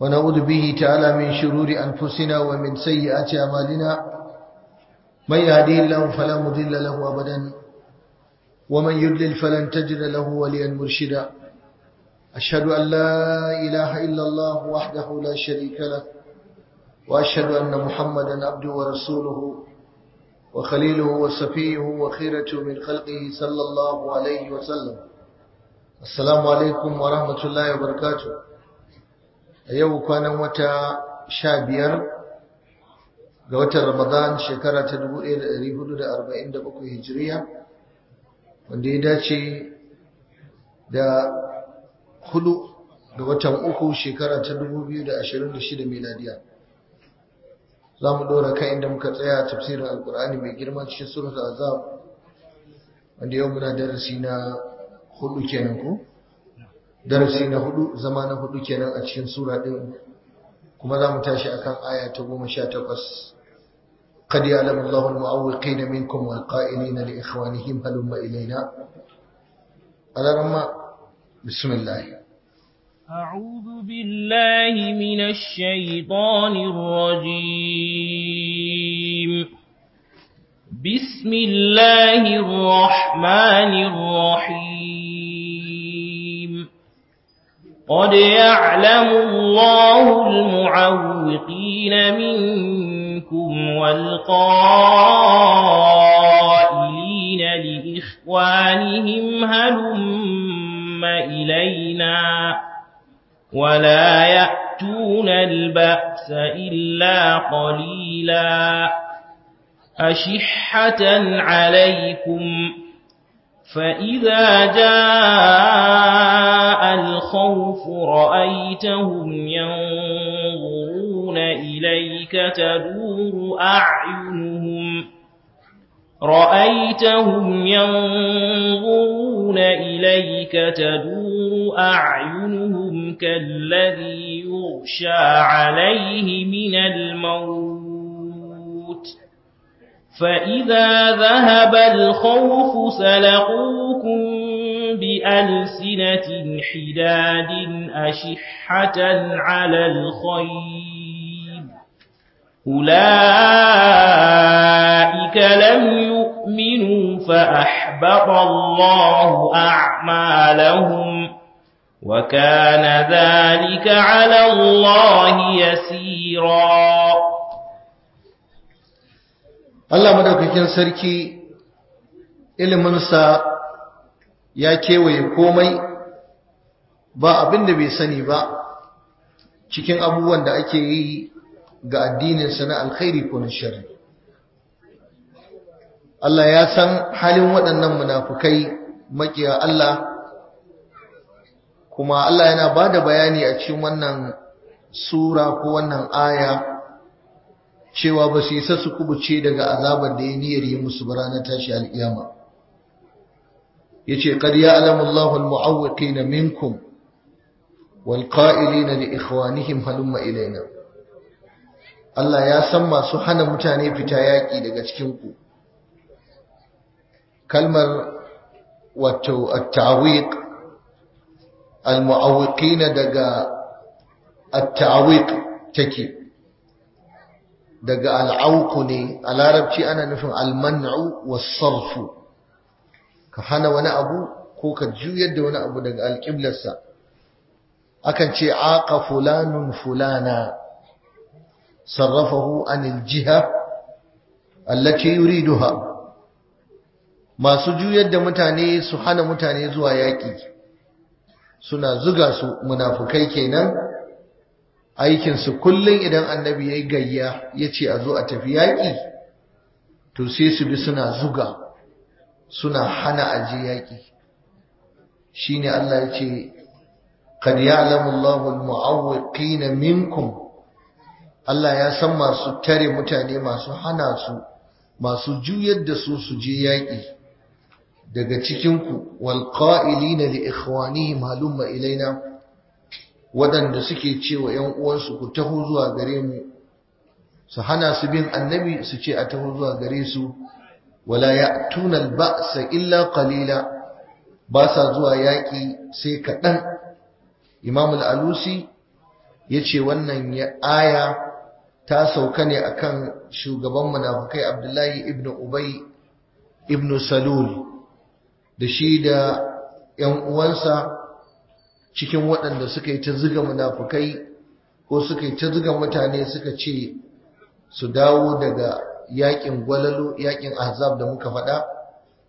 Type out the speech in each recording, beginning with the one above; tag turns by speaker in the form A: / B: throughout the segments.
A: ونعوذ به تعالى من شرور أنفسنا ومن سيئات أعمالنا من يهدي الله فلا مضل له أبدا ومن يضلل فلن تجد له وليا مرشدا أشهد أن لا إله إلا الله وحده لا شريك له
B: وأشهد أن محمدا
A: عبده ورسوله وخليله وصفيه وخيرته من خلقه صلى الله عليه وسلم Assalamu alaikum wa rahmatullahi wa barakatu. A yau kwanan wata sha biyar ga watan Ramadan shekara ta 1447 Hijiriya, wanda ya dace da hudu ga watan uku shekara ta 2026 miladiya. Za mu ɗora kan inda muka tsaya tafsirin Alƙur'ani mai girma cikin surat azab wanda yau muna darasi na hudu kenan ko darasi na hudu zama na hudu kenan a cikin sura din kuma za mu tashi akan aya ta goma sha takwas قد يعلم الله المعوقين منكم والقائلين لإخوانهم هلم إلينا هذا رمى بسم الله
B: أعوذ بالله من الشيطان الرجيم بسم الله الرحمن الرحيم قد يعلم الله المعوقين منكم والقائلين لإخوانهم هلم إلينا ولا يأتون البأس إلا قليلا أشحة عليكم فإذا جاءوا الخوف رأيتهم ينظرون إليك تدور أعينهم رأيتهم ينظرون إليك تدور أعينهم كالذي يغشى عليه من الموت فإذا ذهب الخوف سلقوكم بألسنة حداد أشحة على الخير أولئك لم يؤمنوا فأحبط الله أعمالهم وكان ذلك على الله يسيرا الله مدوكين
A: سركي منصر ya kewaye komai ba abin da bai sani ba cikin abubuwan da ake yi ga addininsa na alkhairi ko na shari Allah ya san halin waɗannan munafukai makiya Allah kuma Allah yana ba da bayani a cikin wannan sura ko wannan aya cewa ba su isa su kubuce daga azabar da ya niyyar yi musu ba ranar tashi al'iyama yace qad ya'lamu Allahu al-mu'awwiqina minkum wal qa'ilina li ikhwanihim halumma ilaina Allah ya san masu hana mutane fita yaki daga cikin ku kalmar wato at-ta'wiq al-mu'awwiqina daga at-ta'wiq take daga al'auku ne a larabci ana nufin almanu wasarfu ka hana wani abu ko ka juyar da wani abu daga alƙiblarsa akan ce aka fulanun fulana sarrafahu anil jiha yuri duha. masu juyar da mutane su hana mutane zuwa yaƙi suna zuga su munafukai kenan aikinsu kullum idan annabi ya yi gayya ya ce a zo a tafi yaƙi to sai su bi suna zuga suna hana aji yaƙi shine Allah ya ce qad ya'lamu Allahu al-mu'awwiqina minkum Allah ya san masu tare mutane masu hana su masu juyar da su su je yaƙi daga cikinku wal qa'ilina li ikhwanihim halumma ilaina waɗanda suke cewa ‘yan uwansu ku taho zuwa gare mu su hana su bin annabi su ce a taho zuwa gare su wala ya'tuna al-ba'sa illa Khalila ba sa zuwa yaki sai kaɗan imam al-alusi yace wannan aya ta sauka ne akan shugaban munafikai abdullahi ibnu ubay ibnu salul da shi da ‘yan uwansa cikin waɗanda suka yi ta zuga munafukai ko suka yi ta zuga mutane suka ce su dawo daga yakin gwalalo yakin ahzab da muka faɗa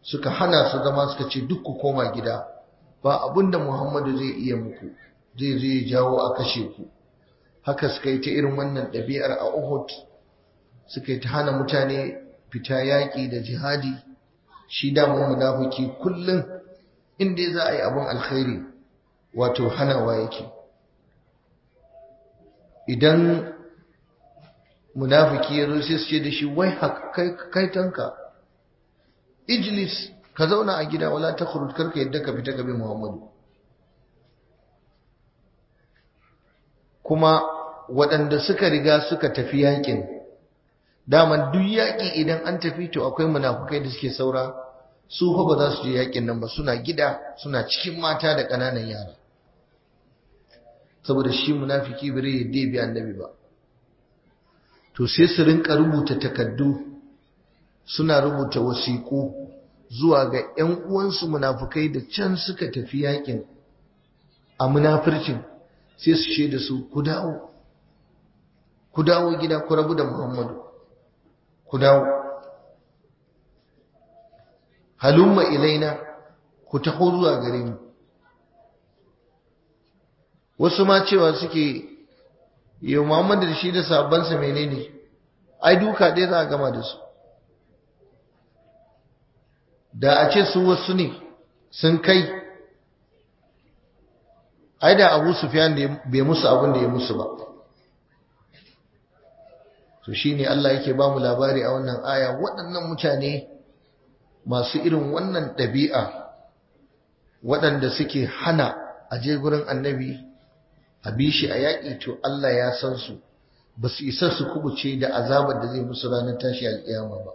A: suka hana su zama suka ce duk ku koma gida ba abinda Muhammadu zai iya muku zai zai jawo a kashe ku haka suka yi ta irin wannan ɗabi'ar a Uhud suka yi ta hana mutane fita yaƙi da jihadi shi damar munafiki kullum inda za a yi abin alkhairi wato hanawa yake idan munafiki ya zo sai su ce da shi wai kai tanka ijlis ka zauna a gida wala ta kurut karka yadda ka fita gabi muhammadu kuma waɗanda suka riga suka tafi yakin daman duk yaƙi idan an tafi to akwai munafukai da suke saura su fa za su je yakin nan ba suna gida suna cikin mata da ƙananan yara saboda shi munafiki bare ya debi annabi ba to sai su rinka rubuta takaddu suna rubuta wasiƙu zuwa ga 'yan uwansu munafukai da can suka tafi yakin a munafircin sai su shaida su ku dawo ku dawo gida ku rabu da muhammadu ku dawo halumma ilaina ku taho zuwa gare mu wasu ma cewa suke yau Muhammadu da shi da sabansa menene ai duka ɗaya za a gama da su da a ce su wasu ne sun kai ai da abu su fiye da bai musu abin da ya musu ba to shi ne Allah yake ba mu labari a wannan aya waɗannan mutane masu irin wannan ɗabi'a waɗanda suke hana je gurin annabi a bi shi a yaƙi to Allah ya san su ba su isa su kubuce da azabar da zai musu ranar tashi alƙiyama ba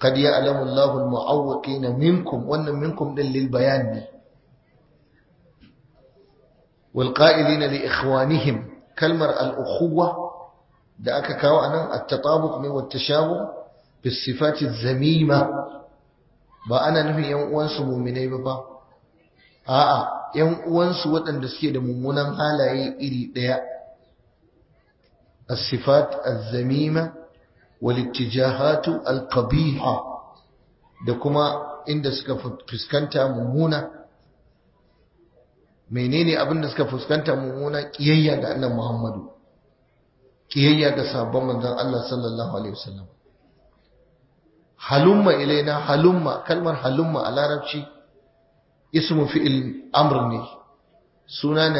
A: kad ya alamu Allahu al-mu'awwiqina minkum wannan minkum din lil bayan ne wal qa'ilina li ikhwanihim kalmar al-ukhuwa da aka kawo anan at-tatabuq ne wa at-tashabuh bi sifati zamima ba ana nufin yan uwansu mu'minai ba a'a ‘yan uwansu waɗanda suke da mummunan halaye iri ɗaya, asifat al-zamima walittijahatu al kabiha da kuma inda suka fuskanta mummuna. Menene abin da suka fuskanta mummuna ƙiyayya ga annan Muhammadu, ƙiyayya ga sabon manzon Allah sallallahu Alaihi wasallam. Halumma ilaina halumma, kalmar halumma a larabci. ismun fi'il amr ne suna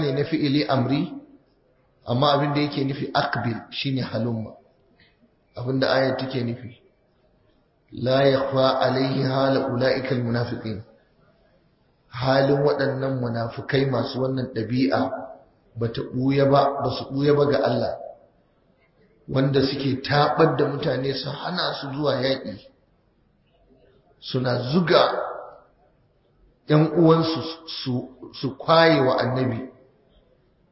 A: ne na fi'ili amri amma abin da yake nufi akbil shine halumma abin da ayar take nufi la alaihi hala ula’ikal munafiƙin halin waɗannan munafukai masu wannan ɗabi'a ba ta ɓuya ba ba su ɓuya ba ga Allah wanda suke taɓar da mutane su hana su zuwa yaƙi suna zuga ‘yan uwansu su kwaye wa annabi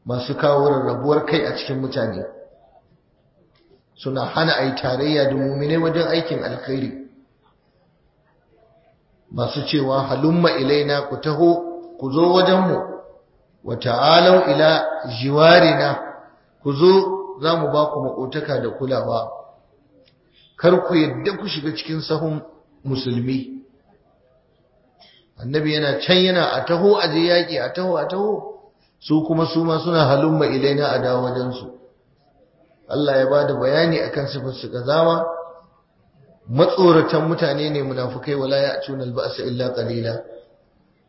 A: masu kawo rarrabuwar kai a cikin mutane suna hana a yi tarayya da mummune wajen aikin alkhairi masu cewa halumma ilaina ku taho ku zo wajenmu wa ta'alau ila jiwarina ku zo za mu ba ku maƙotaka da kulawa kar ku yadda ku shiga cikin sahun musulmi annabi yana can yana a taho a je yaƙi a taho a taho su kuma su ma suna halumma ilaina a dawo su. Allah ya bada da bayani akan sifar su gazawa matsoratan mutane ne munafukai wala ya cuna alba'asa illa qalila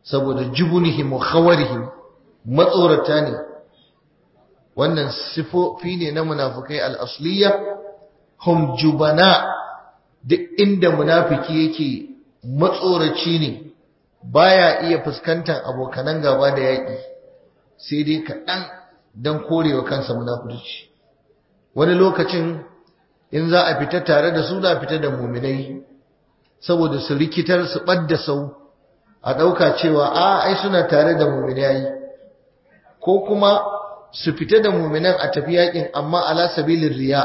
A: saboda jubunihim wa khawarihim matsorata ne wannan sifofi ne na munafukai al-asliya hum jubana duk inda munafiki yake matsoraci ne baya iya fuskantar abokanan gaba da yaƙi sai dai kaɗan don korewa kansa munafurci wani lokacin in za a fita tare da su da fita da muminai saboda su rikitar su ɓadda sau a ɗauka cewa a ai suna tare da muminai ko kuma su fita da muminan a tafi yaƙin amma ala sabilin riya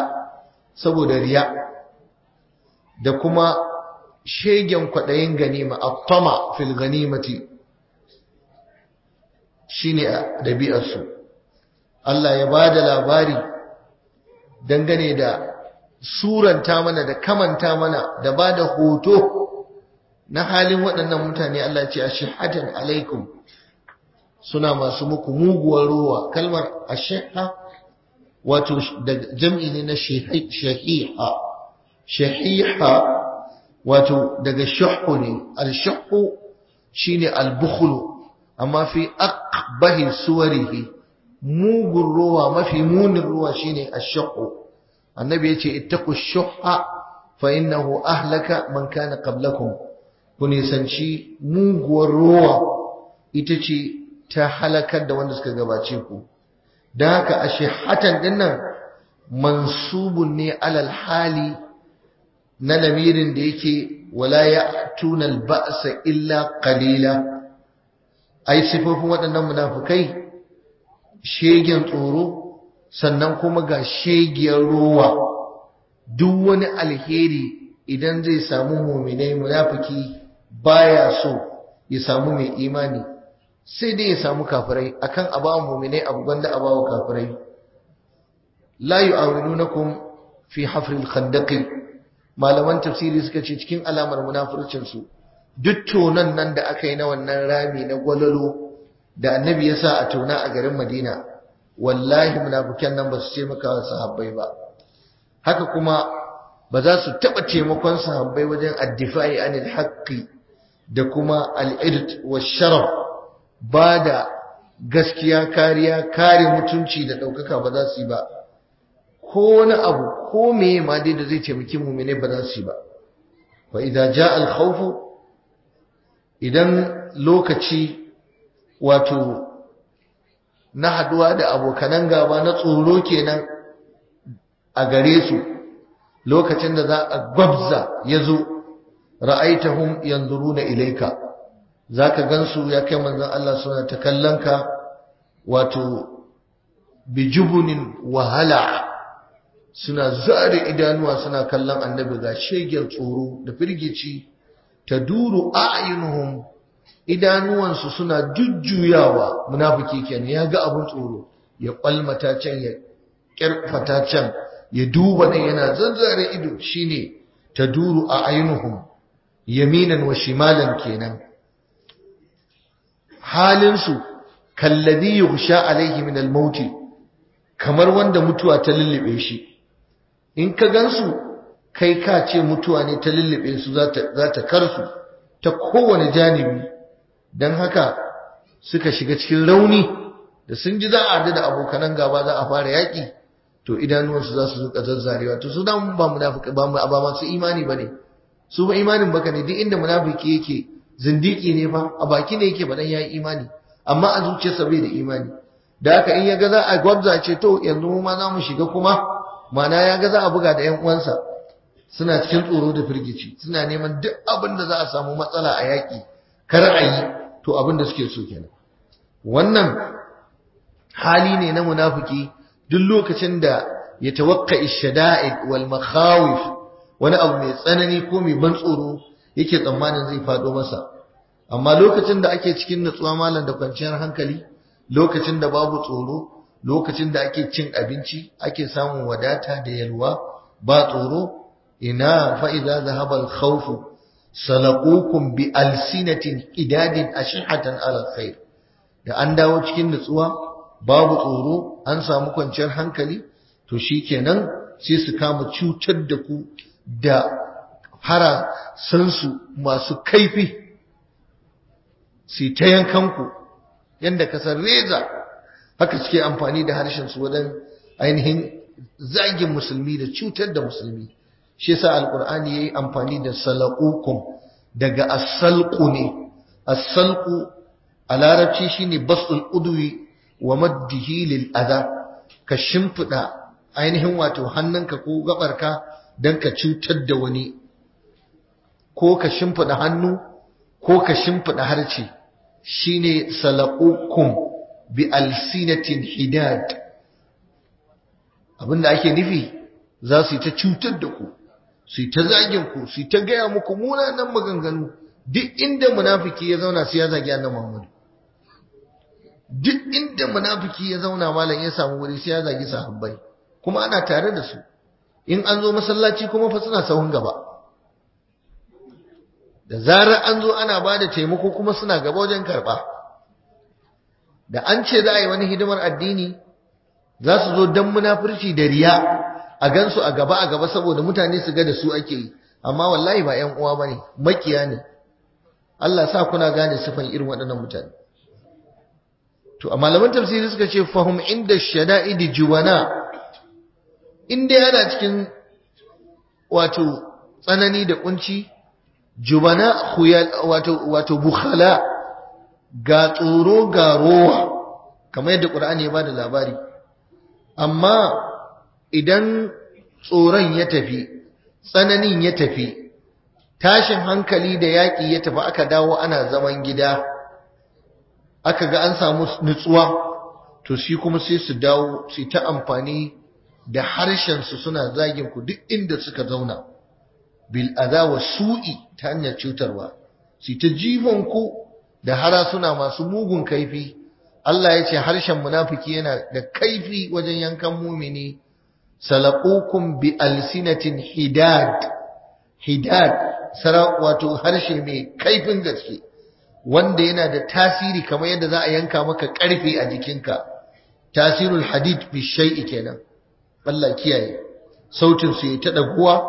A: saboda riya da kuma shegen kwaɗayin ganima a tama fil ganimati shi ne a ɗabi'arsu Allah ya ba da labari dangane da suranta mana da kamanta mana da ba da hoto na halin waɗannan mutane Allah ce a shihatan alaikum suna masu muku muguwar ruwa kalmar a wato da jam'i ne na shahiha shahiha wato daga shuhu ne al-shuhu shine al-bukhlu amma fi aqbahi suwarihi mugun ruwa mafi munin ruwa shine al shuhu annabi yace ittaku shuhha fa innahu ahlaka man kana qablakum ku nisanci muguwar ruwa ita ce ta halakar da wanda suka gabace ku Da haka ashihatan dinnan mansubun ne alal hali na lamirin da yake wala ya al-ba'sa illa qalila ai sifofin waɗannan munafukai shegen tsoro sannan kuma ga shegen ruwa duk wani alheri idan zai samu muminai munafiki baya so ya samu mai imani sai dai ya samu kafirai akan a ba muminai abu da a bawa kafirai la yu'awinunakum fi hafril khandaqi malaman tafsiri suka ce cikin alamar munafurcin su duk tonon nan da aka yi na wannan rami na gwalolo da annabi ya sa a tona a garin madina wallahi munafukan nan ba su ce maka sahabbai ba haka kuma ba za su taɓa taimakon sahabbai wajen addifai anil haqqi da kuma al'irt wa sharaf ba da gaskiya kariya kare mutunci da ɗaukaka ba za su yi ba ko wani abu ko meye ma dai da zai taimaki mu ba za su yi ba fa idza jaa al khawf idan lokaci wato na haduwa da abokanan gaba na tsoro kenan a gare su lokacin da za a gwabza ya zo ra'aitahum yanzuruna ilayka zaka gansu ya kai manzon Allah suna ta kallon ka wato bijubunin wahala suna zare idanuwa suna kallon annabi ga shegen tsoro da firgici ta duru a a'yunuhum idanuwansu suna jujjuyawa munafuki kenan ya ga abin tsoro ya kwalmata can ya kyarfata can ya duba nan yana zanzare ido shine ta duru a ainihin yaminan wa shimalan kenan halinsu ya husha alaihi min al mauti, kamar wanda mutuwa ta lullube shi in ka gansu kai ka ce mutuwa ne ta lullube su za ta karsu ta kowane janibi don haka suka shiga cikin rauni da sun ji za a da abokanan gaba za a fara yaƙi to idanuwansu za su zuka zazzarewa to su da ba munafiki ba mu ba masu imani ne? su ba imanin baka ne duk inda munafiki yake zindiki ne fa a baki ne yake badan yayi imani amma a zuciyarsa bai da imani da haka in ya ga za a gwabza ce to yanzu mu ma za mu shiga kuma ma'ana ya ga za a buga da yan uwansa suna cikin tsoro da firgici suna neman duk abin da za a samu matsala a yaƙi kar a yi to abin da suke so kenan wannan hali ne na munafiki duk lokacin da ya tawakka ishada'id wal makhawif wani abu mai tsanani ko mai ban tsoro yake tsammanin zai fado masa amma lokacin da ake cikin nutsuwa malam da kwanciyar hankali lokacin da babu tsoro lokacin da ake cin abinci ake samun wadata da yalwa ba tsoro ina fa'iza zahabar khawfu salakukun bi alsinatin idadin ashihatan alal alkhair da an dawo cikin nutsuwa babu tsoro an samu kwanciyar hankali to shikenan sai su kama cutar da ku da hara sansu masu kaifi sai ta yankanku yadda kasar reza haka suke amfani da harshen su wajen ainihin zagin musulmi da cutar da musulmi shi yasa alqur'ani yayi amfani da salaqukum daga as ne as-salqu a larabci shine basul udwi wa maddihi lil adha ka shimfida ainihin wato hannunka ko gabarka dan ka cutar da wani ko ka shimfida hannu ko ka shimfida harce shine salaqukum bi alsinatin hidad abinda ake nufi za su yi ta cutar da ku su yi ta zagin ku su yi ta gaya muku munanan maganganu duk inda munafiki ya zauna sai ya zagi annabi Muhammad duk inda munafiki ya zauna malam ya samu wuri sai ya zagi sahabbai kuma ana tare da su in an zo masallaci kuma fa suna sauhun gaba da zarar an zo ana ba da taimako kuma suna gaba wajen karba da an ce za a yi wani hidimar addini za su zo don munafurci da riya a gansu a gaba a gaba saboda mutane su ga da su ake yi amma wallahi ba 'yan uwa bane makiya ne Allah sa kuna gane sifan irin waɗannan mutane to a malaman tafsiri suka ce fahum inda shada'idi juwana in dai ana cikin wato tsanani da kunci juwana wato wato bukhala ga tsoro ga rowa kamar yadda ƙur'ani ya bada labari amma idan tsoron ya tafi tsananin ya tafi tashin hankali da yaƙi ya tafi aka dawo ana zaman gida aka ga an samu nutsuwa to shi kuma sai su dawo su ta amfani da harshensu suna zagin ku duk inda suka zauna bil wa su'i ta hanyar cutarwa su ta jifon ku da harasuna masu mugun kaifi Allah ya ce harshen munafiki yana da kaifi wajen yankan mumini salaqukum bi alsinatin hidad hidad sara wato harshe mai kaifin gaske wanda yana da tasiri kamar yadda za a yanka maka karfi a jikinka tasirul hadid bi shay'i kenan Allah kiyaye sautin su ya ta daguwa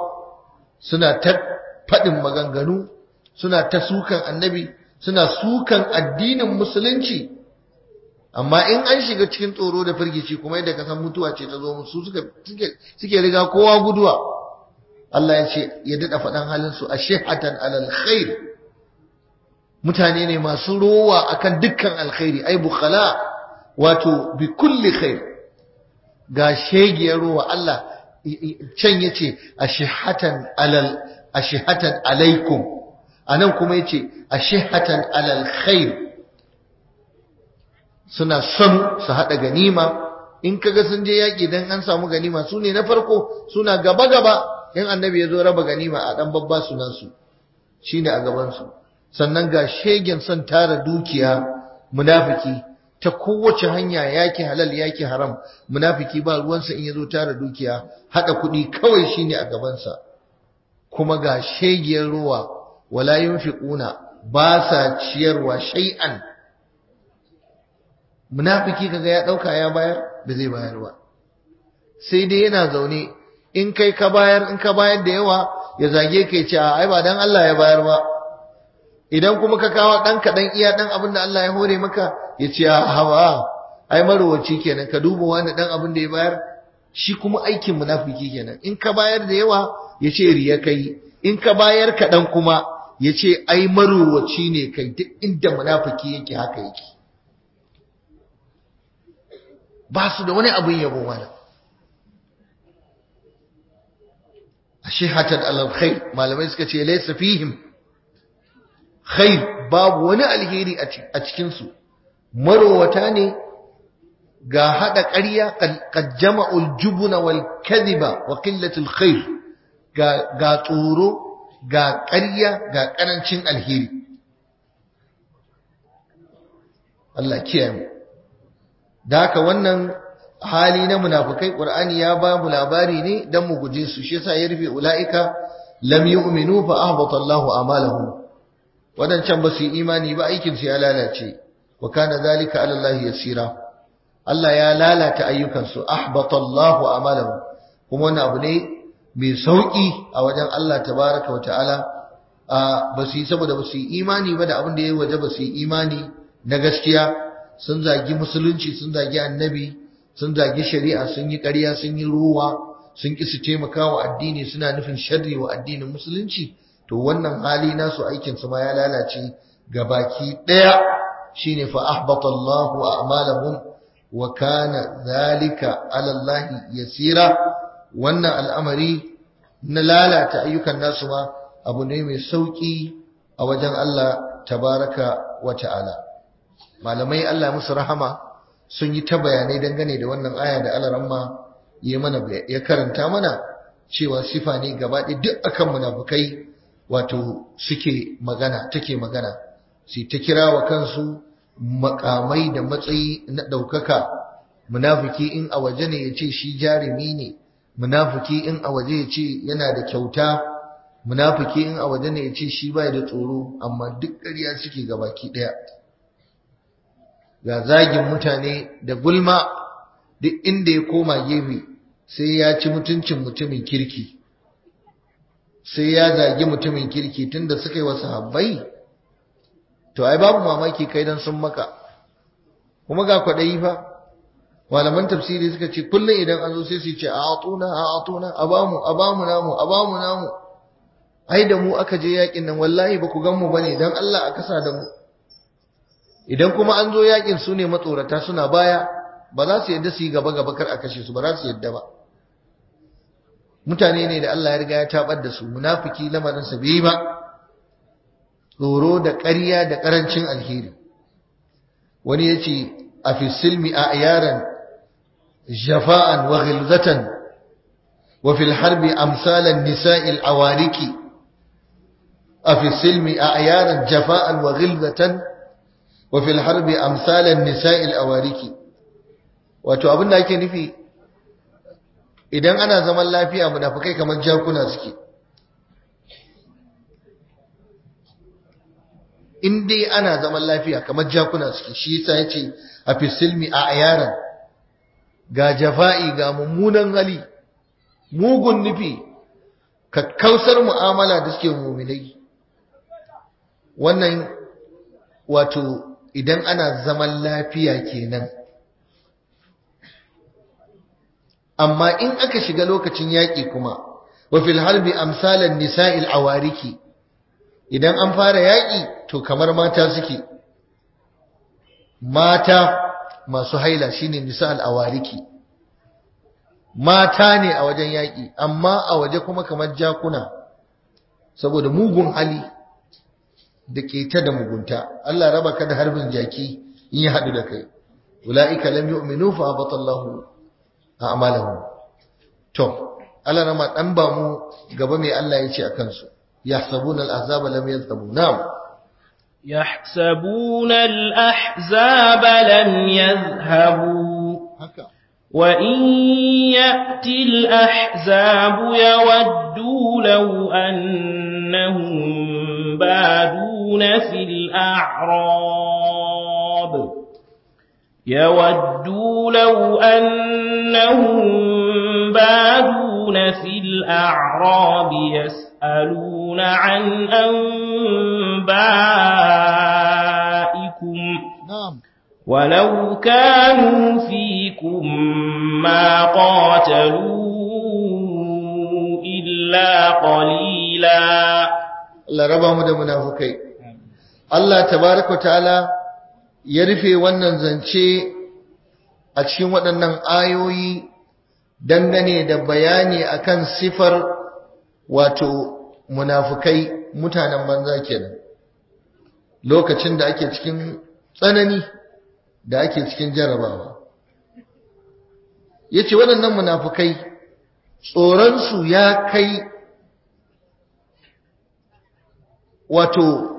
A: suna ta faɗin maganganu suna ta sukan annabi suna sukan addinin musulunci amma in an shiga cikin tsoro da firgici kuma yadda kasan mutuwa ce ta zo musu suke riga kowa guduwa Allah ya ce ya daɗa faɗan halin su ashihatan alal khair mutane ne masu rowa akan dukkan alkhairi ai bukala, wato bi kulli khair ga shegiyar rowa Allah can yace ashihatan alal ashihatan alaikum A nan kuma yace ashihatan alal khair suna son su hada ganima in kaga sun je yaki dan an samu ganima su ne na farko suna gaba gaba Yan annabi ya zo raba ganima a dan babba sunan su shine a gaban sannan ga shegen son tara dukiya munafiki ta kowace hanya yaki halal yaki haram munafiki ba ruwansa in ya zo tara dukiya hada kuɗi kawai shine a gabansa kuma ga shegiyar ruwa wala yunfiquna ba ciyarwa shay'an munafiki kaga ya dauka ya bayar ba zai bayar ba sai dai yana zaune in kai ka bayar in ka bayar da yawa ya zage kai ce ai ba dan Allah ya bayar ba idan kuma ka kawo dan dan iya dan abin da Allah ya hore maka ya ce hawa ai marwaci kenan ka duba wani dan abin da ya bayar shi kuma aikin munafiki kenan in ka bayar da yawa ya ce riya kai in ka bayar ka dan kuma ya ce ai marowaci ne kai duk inda munafiki yake haka yake ba su da wani abin yabo mana Ashe shihatan alamkhair malamai suka ce laisa fihim khair babu wani alheri a cikinsu marowata ne ga haɗa ƙarya ƙajjama jubuna wal kadiba wa ƙillatul khair ga tsoro ga ƙarya ga ƙarancin alheri Allah kiyaye da haka wannan hali na munafukai Qur'ani ya ba mu labari ne dan mu guje su shi yasa ya rufe ulaika lam yu'minu fa ahbata Allahu a'malahum wadancan ba su yi imani ba aikin su ya lalace wa kana zalika ala Allah yasira Allah ya lalata ayyukan su ahbata Allahu a'malahum kuma wannan abu ne mai sauƙi a wajen Allah tabaraka wa ta'ala ba su yi saboda ba su yi imani ba da abin da ya waje ba su yi imani na gaskiya sun zagi musulunci sun zagi annabi sun zagi shari'a sun yi ƙarya sun yi ruwa sun ƙi su taimaka wa addini suna nufin sharri wa addinin musulunci to wannan hali nasu aikinsu ma ya lalace ga baki ɗaya shine fa ahbata Allahu a'malahum wa kana zalika ala Allah yasira wannan al'amari na lalata ayyukan nasu ma abu ne mai sauƙi a wajen Allah tabaraka wa ta'ala malamai Allah musu rahama sun yi ta bayanai dangane da wannan aya da ramma ya mana ya karanta mana cewa sifa ne gaba ɗaya duk akan munafukai wato suke magana take magana sai ta kira wa kansu makamai da matsayi na ɗaukaka munafiki in a waje ne ya ce shi jarumi ne munafiki in a waje ya ce yana da kyauta munafiki in a waje ne ya ce shi bai da tsoro amma duk ƙarya suke ga baki ɗaya ga zagin mutane da gulma duk inda ya koma gefe sai ya ci mutuncin mutumin kirki sai ya zagi mutumin kirki tunda suka yi wa sahabbai to ai babu mamaki kai dan sun maka kuma ga kwaɗayi fa malaman tafsiri suka ce kullum idan an zo sai su ce a atuna a atuna a bamu a namu a bamu namu ai da mu aka je yakin nan wallahi ba ku gan mu bane dan Allah a kasa da mu idan kuma an zo yakin su ne matsorata suna baya ba za su yadda su yi gaba gaba kar a kashe su ba za su yadda ba mutane ne da Allah ya riga ya tabar da su munafiki lamarin sa bai ba tsoro da ƙarya da ƙarancin alheri wani ya ce a fi silmi a yaran جفاء وغلظة وفي الحرب أمثال النساء العوارك أفي السلم أعيانا جفاء وغلظة وفي الحرب أمثال النساء العوارك ake nufi? idan ana zaman lafiya munafukai kamar jakuna suke in dai ana zaman lafiya kamar jakuna suke shi yasa yace a fisilmi a ayaran ga jafa'i ga mummunan hali mugun nufi kakkausar mu'amala da suke mummunai. wannan wato idan ana zaman lafiya kenan amma in aka shiga lokacin yaƙi kuma wa fil harbi amsalan nisa'il awariki idan an fara yaƙi to kamar mata suke mata masu haila shine nisa al-awariki mata ne a wajen yaƙi amma a waje kuma kamar jakuna saboda mugun hali da ta da mugunta Allah raba ka da harbin jaki in ya haɗu da kai ula'ika lam yu'minu fa batallahu a'malahum to Allah na ma dan ba mu gaba mai Allah ya ce a kansu yahsabuna al-ahzaba lam yadhhabu na'am
B: يحسبون الأحزاب لم يذهبوا وإن يأتي الأحزاب يودوا لو أنهم بادون في الأعراب يودوا لو أنهم بادون في الأعراب يسرون يسألون عن أنبائكم ولو كانوا
A: فيكم ما قاتلوا إلا قليلا laraba mu da munafukai Allah tabaraka ta'ala ya rufe wannan zance a cikin waɗannan ayoyi dangane da bayani akan sifar wato munafukai mutanen banza kenan lokacin da ake cikin tsanani da ake cikin jarabawa yace waɗannan munafukai tsoronsu ya kai wato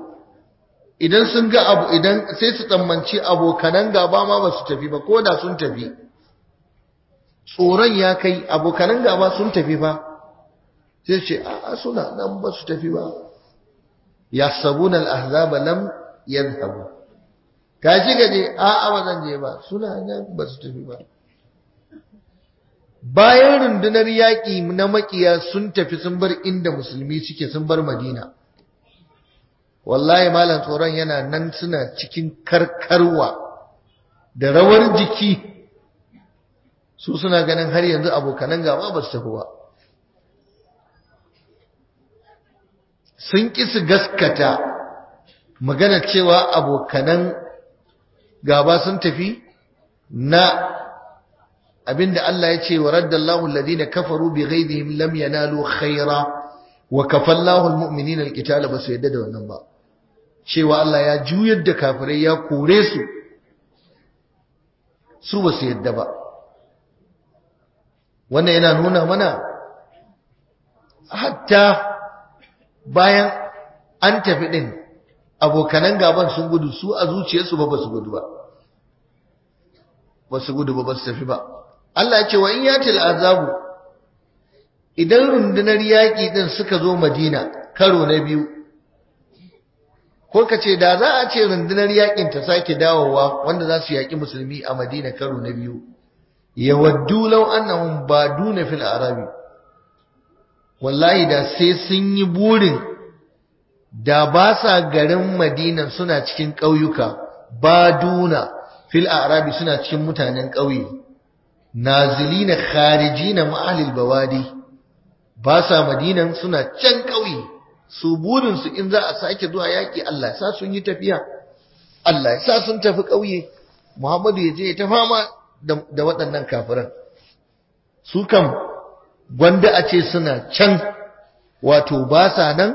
A: idan sun ga abu idan sai su tsammanci abokanan gaba ma ba su tafi ba ko da sun tafi tsoron ya kai abokanan gaba sun tafi ba sai ce a suna nan ba su tafi ba ya sabunan ahzaba lam yadhhabu ji gaje a a ba zan je ba suna nan ba su tafi ba bayan rundunar yaƙi na makiya sun tafi sun bar inda musulmi suke sun bar madina wallahi malam tsoron yana nan suna cikin karkarwa da rawar jiki su suna ganin har yanzu abokanan gaba ba su tafi ba sun ƙi su gaskata magana cewa abokanan gaba sun tafi na abinda Allah ya ce wa raddallahu alladhina kafaru bighaydihim lam yanalu khaira wa kafallahu almu'minina alqitala basu yadda da wannan ba cewa Allah ya juyar da kafirai ya kore su su basu yadda ba wannan yana nuna mana hatta bayan an tafi ɗin, abokanan gaban sun gudu su a zuciyarsu ba basu gudu ba su gudu ba basu tafi ba Allah ce wa in ce azabu idan rundunar yaƙi ɗin suka zo Madina karo na biyu ko ka ce da za a ce rundunar yaƙin ta sake dawowa wanda za su yaƙi musulmi a Madina karo na biyu yawaddu law annahum baduna fil arabi wallahi da sai sun yi burin da ba sa garin madina suna cikin ƙauyuka baduna fil arabi suna cikin mutanen ƙauye na nazilina na ma'alil bawadi ba sa madina suna can ƙauye su burinsu in za a sake zuwa yaƙi Allah sa sun yi tafiya Allah sa sun tafi ƙauye Muhammadu ya je ya ta fama da waɗannan kafiran su kam gwanda a ce suna can wato ba sa nan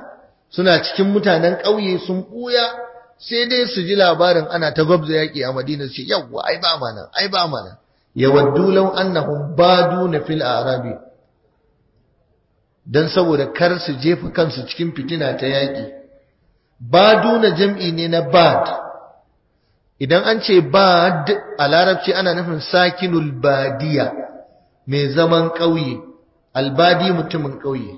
A: suna cikin mutanen ƙauye sun ɓuya sai dai su ji labarin ana ta gwabza yaƙi a madina su ce yawwa ai ba mana ai ba mana yawaddu law annahum baduna fil arabi dan saboda kar su jefa kansu cikin fitina ta yaƙi baduna jam'i ne na bad idan an ce bad a larabci ana nufin sakinul badiya mai zaman ƙauye albadi mutumin ƙauye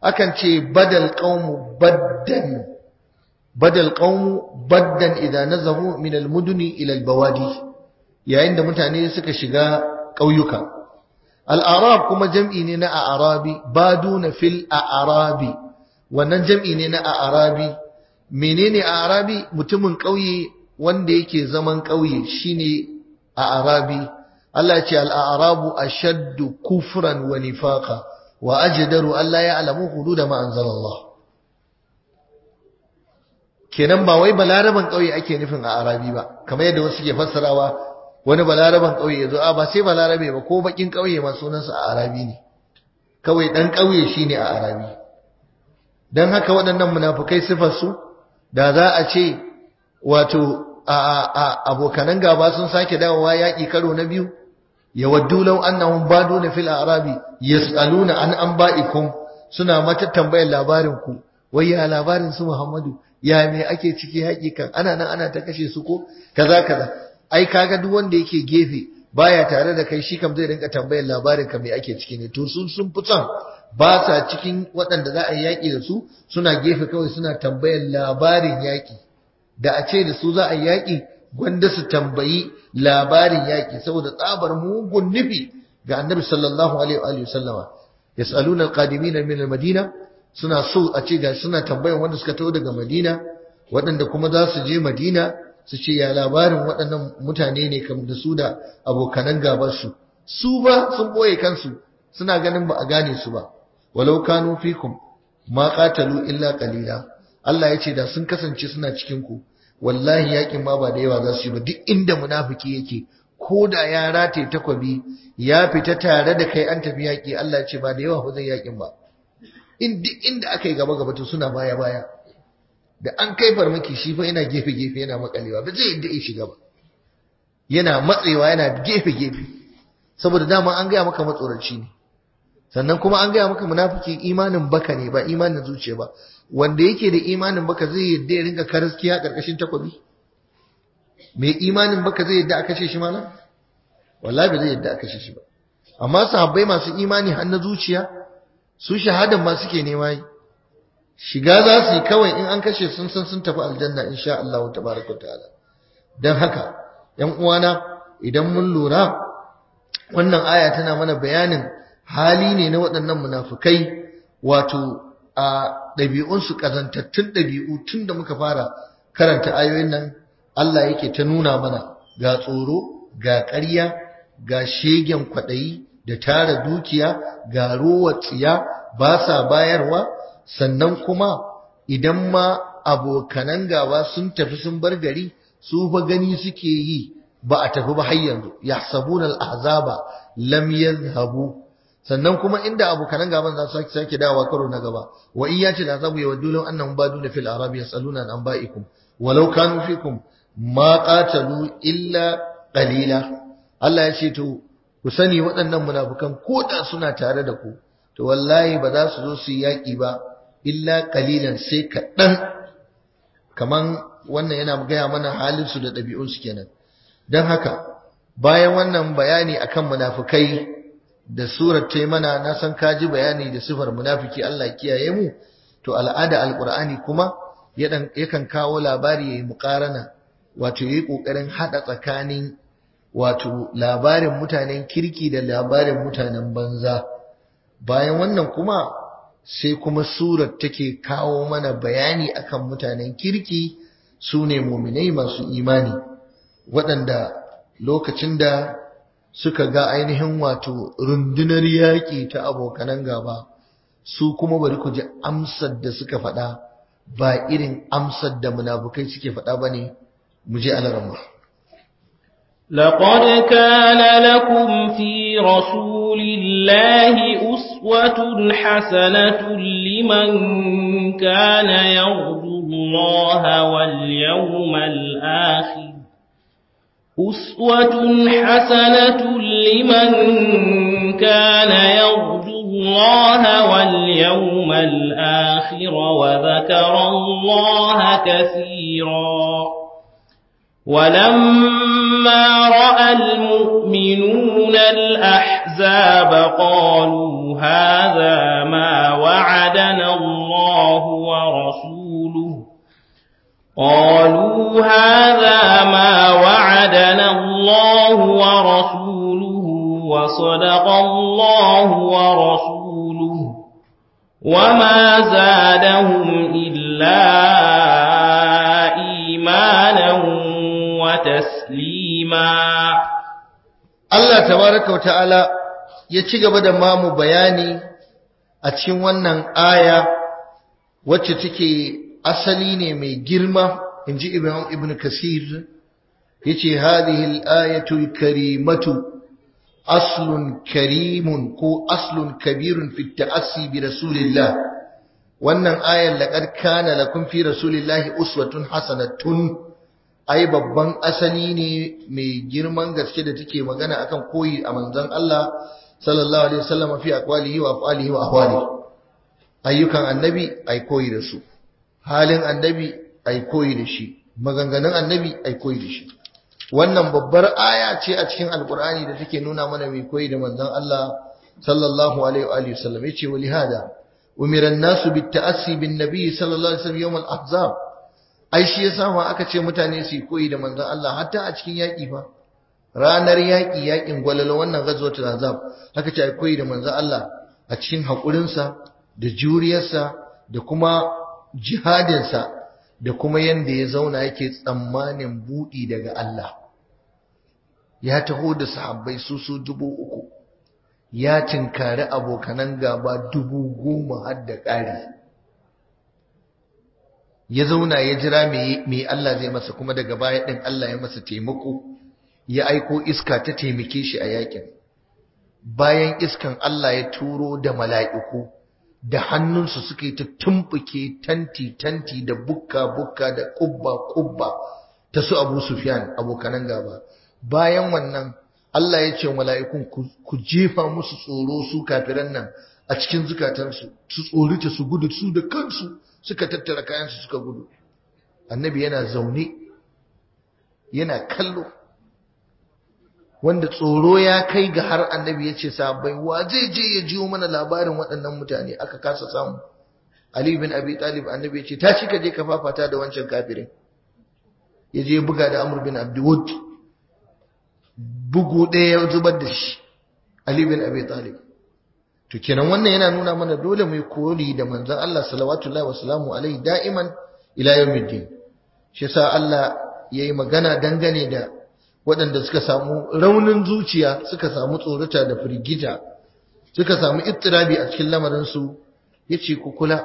A: akan ce badal qaumu baddan badal qaumu baddan idan nazahu min almuduni ilal albawadi yayin da mutane suka shiga ƙauyuka al'arab kuma jam'i ne na a'arabi baduna fil a'arabi wannan jam'i ne na a'arabi menene a'arabi mutumin ƙauye wanda yake zaman ƙauye shine a'arabi Allah ce al'arabu a shaddu kufran wa nifaka wa ajidaru Allah ya alamu hudu da ma'anzar Allah. Kenan ba wai balaraban ƙauye ake nufin a arabi ba, kamar yadda wasu ke fassarawa wani balaraban ƙauye ya zo, a ah, ba sai balarabe ba ko baƙin ƙauye ma sunansu a arabi ne, kawai ɗan ƙauye shi ne a arabi. Don haka waɗannan munafukai sifarsu, da za a ce wato a abokanan gaba sun sake dawowa yaƙi karo na biyu yawaddu law annahum baduna fil a'rabi yasaluna an anba'ikum suna mata tambayar labarin ku wai ya labarin su Muhammadu ya me ake ciki hakikan ana nan ana ta kashe su ko kaza kaza ai kaga duk wanda yake gefe baya tare da kai shi kam zai rinka tambayar labarin ka me ake ciki ne to sun sun fitan ba sa cikin waɗanda za a yi yaƙi da su suna gefe kawai suna tambayar labarin yaƙi da a ce da su za a yi yaƙi gwanda su tambayi labarin yaƙi saboda tsabar mugun nufi ga annabi sallallahu alaihi wa sallama yasaluna alqadimina min almadina suna so a ce ga suna tambayan wanda suka taho daga madina waɗanda kuma za su je madina su ce ya labarin waɗannan mutane ne kam da su da abokanan gaban su su ba sun boye kansu suna ganin ba a gane su ba walau kanu fikum ma qatalu illa qalila Allah ya ce da sun kasance suna cikin ku wallahi yakin ma ba da yawa za su yi ba duk inda munafuki yake ko da ya rataye takwabi ya fita tare da kai an tafi yaƙi Allah ce ba da yawa ba zai yaƙin ba in duk inda aka yi gaba gaba to suna baya baya da an kai farmaki shi fa yana gefe gefe yana makalewa ba zai yadda ya shiga ba yana matsewa yana gefe gefe saboda dama an gaya maka matsoraci ne sannan kuma an gaya maka munafiki imanin baka ne ba imanin zuciya ba wanda yake da imanin baka zai yadda ya ringa karaskiya ƙarƙashin takobi mai imanin baka zai yadda a kashe shi mana? wallahi ba zai yadda a kashe shi ba amma sahabbai masu imani har na zuciya su shahadan ma suke nema yi shiga za su yi kawai in an kashe sun san sun tafi aljanna in sha Allah tabaraka ta'ala dan haka yan uwana idan mun lura wannan aya tana mana bayanin hali ne na waɗannan munafukai wato a ɗabi'unsu ƙazantattun ɗabi'u tun da muka fara karanta ayoyin nan Allah yake ta nuna mana ga tsoro ga ƙarya ga shegen kwaɗayi da tara dukiya ga rowa tsiya ba sa bayarwa sannan kuma idan ma abokanan gaba sun tafi sun bar gari su fa gani suke yi ba a tafi ba har yanzu yahsabuna al-ahzaba lam yadhhabu sannan kuma inda abokanan gaban za su sake sake dawa karo na gaba wa in ya ce da zamu yi wa dulun annahum baduna fil arabi yasaluna an ba'ikum walau kanu fikum ma qatalu illa qalila Allah ya ce to ku sani waɗannan munafukan ko da suna tare da ku to wallahi ba za su zo su yaƙi ba illa qalilan sai kaɗan kaman wannan yana gaya mana halin su da ɗabi'unsu kenan don haka bayan wannan bayani akan munafukai da surar ta mana na san kaji bayani da sifar munafiki Allah kiyaye mu to al'ada alqur'ani kuma yakan kawo labari yayi muqarana wato yayi kokarin hada tsakanin wato labarin mutanen kirki da labarin mutanen banza bayan wannan kuma sai kuma surar take kawo mana bayani akan mutanen kirki sune ne muminai masu imani waɗanda lokacin da suka ga ainihin wato rundunar yaƙi ta abokanan gaba su kuma bari ku ji amsar da suka faɗa ba irin amsar da munafukai suke faɗa ba ne mu je alarama
B: لقد كان لكم في رسول الله أسوة حسنة لمن كان يرجو الله واليوم الآخر أسوة حسنة لمن كان يرجو الله واليوم الآخر وذكر الله كثيرا ولما رأى المؤمنون الأحزاب قالوا هذا ما وعدنا الله ورسوله
A: قالوا هذا ما وعدنا وعدنا الله
B: wa وصدق الله ورسوله وما زادهم إلا إيمانا
A: وتسليما
B: Allah tabaraka
A: wa ya ci gaba da mamu bayani a cikin wannan aya wacce take asali ne mai girma in ji Ibn Kasir yace hadhihi al-ayatu al-karimatu aslun karimun ko aslun kabirun fi ta'assi bi rasulillah wannan ayar laqad kana lakum fi rasulillahi uswatun hasanatun ai babban asali ne mai girman gaske da take magana akan koyi a manzon Allah sallallahu alaihi wasallam fi aqwalihi wa af'alihi wa ahwalihi ayyukan annabi ai koyi da su halin annabi ai koyi da shi maganganun annabi ai koyi da shi wannan babbar aya ce a cikin alkur'ani da take nuna mana mai koyi da manzon Allah sallallahu alaihi wa alihi wasallam yace wali hada umira an-nas ta'assi bin nabi sallallahu alaihi wasallam yawm al-ahzab ai shi yasa ma aka ce mutane su koyi da manzon Allah hatta a cikin yaki fa ranar yaki yakin gwalala wannan ghazwatul ahzab haka ce ai koyi da manzon Allah a cikin hakurinsa da juriyarsa da kuma jihadinsa da kuma yanda ya zauna yake tsammanin buɗi daga Allah ya taho da sahabbai su su dubu uku ya tinkari abokanan gaba dubu goma har da ƙari ya zauna ya jira me Allah zai masa kuma daga baya ɗin Allah ya masa taimako ya aiko iska ta taimake shi a yakin bayan iskan Allah ya turo da mala'iku da hannunsu suka yi ta tumbuke tanti-tanti da bukka-bukka da kubba-kubba ta su abu sufiyan abokanan gaba bayan wannan Allah ya ce mala'ikun ku jefa musu tsoro su kafiran nan a cikin zukatansu su tsorita su gudu su da kansu suka tattara kayansu suka gudu annabi yana zaune yana kallo wanda tsoro ya kai ga har annabi ya ce sahabbai wa zai je ya jiyo mana labarin waɗannan mutane aka kasa samu Ali bin Abi Talib annabi ya ce tashi ka je ka fafata da wancan kafirin ya je buga da Amr bin Abdul bugu ɗaya ya zubar da shi Ali bin Abi Talib to kenan wannan yana nuna mana dole mai yi koli da manzon Allah sallallahu wa sallamu alaihi da'iman ila yawmiddin shi Allah yayi magana dangane da waɗanda suka samu raunin zuciya suka samu tsorata da firgita suka samu ittirabi a cikin lamarinsu ya ce ku kula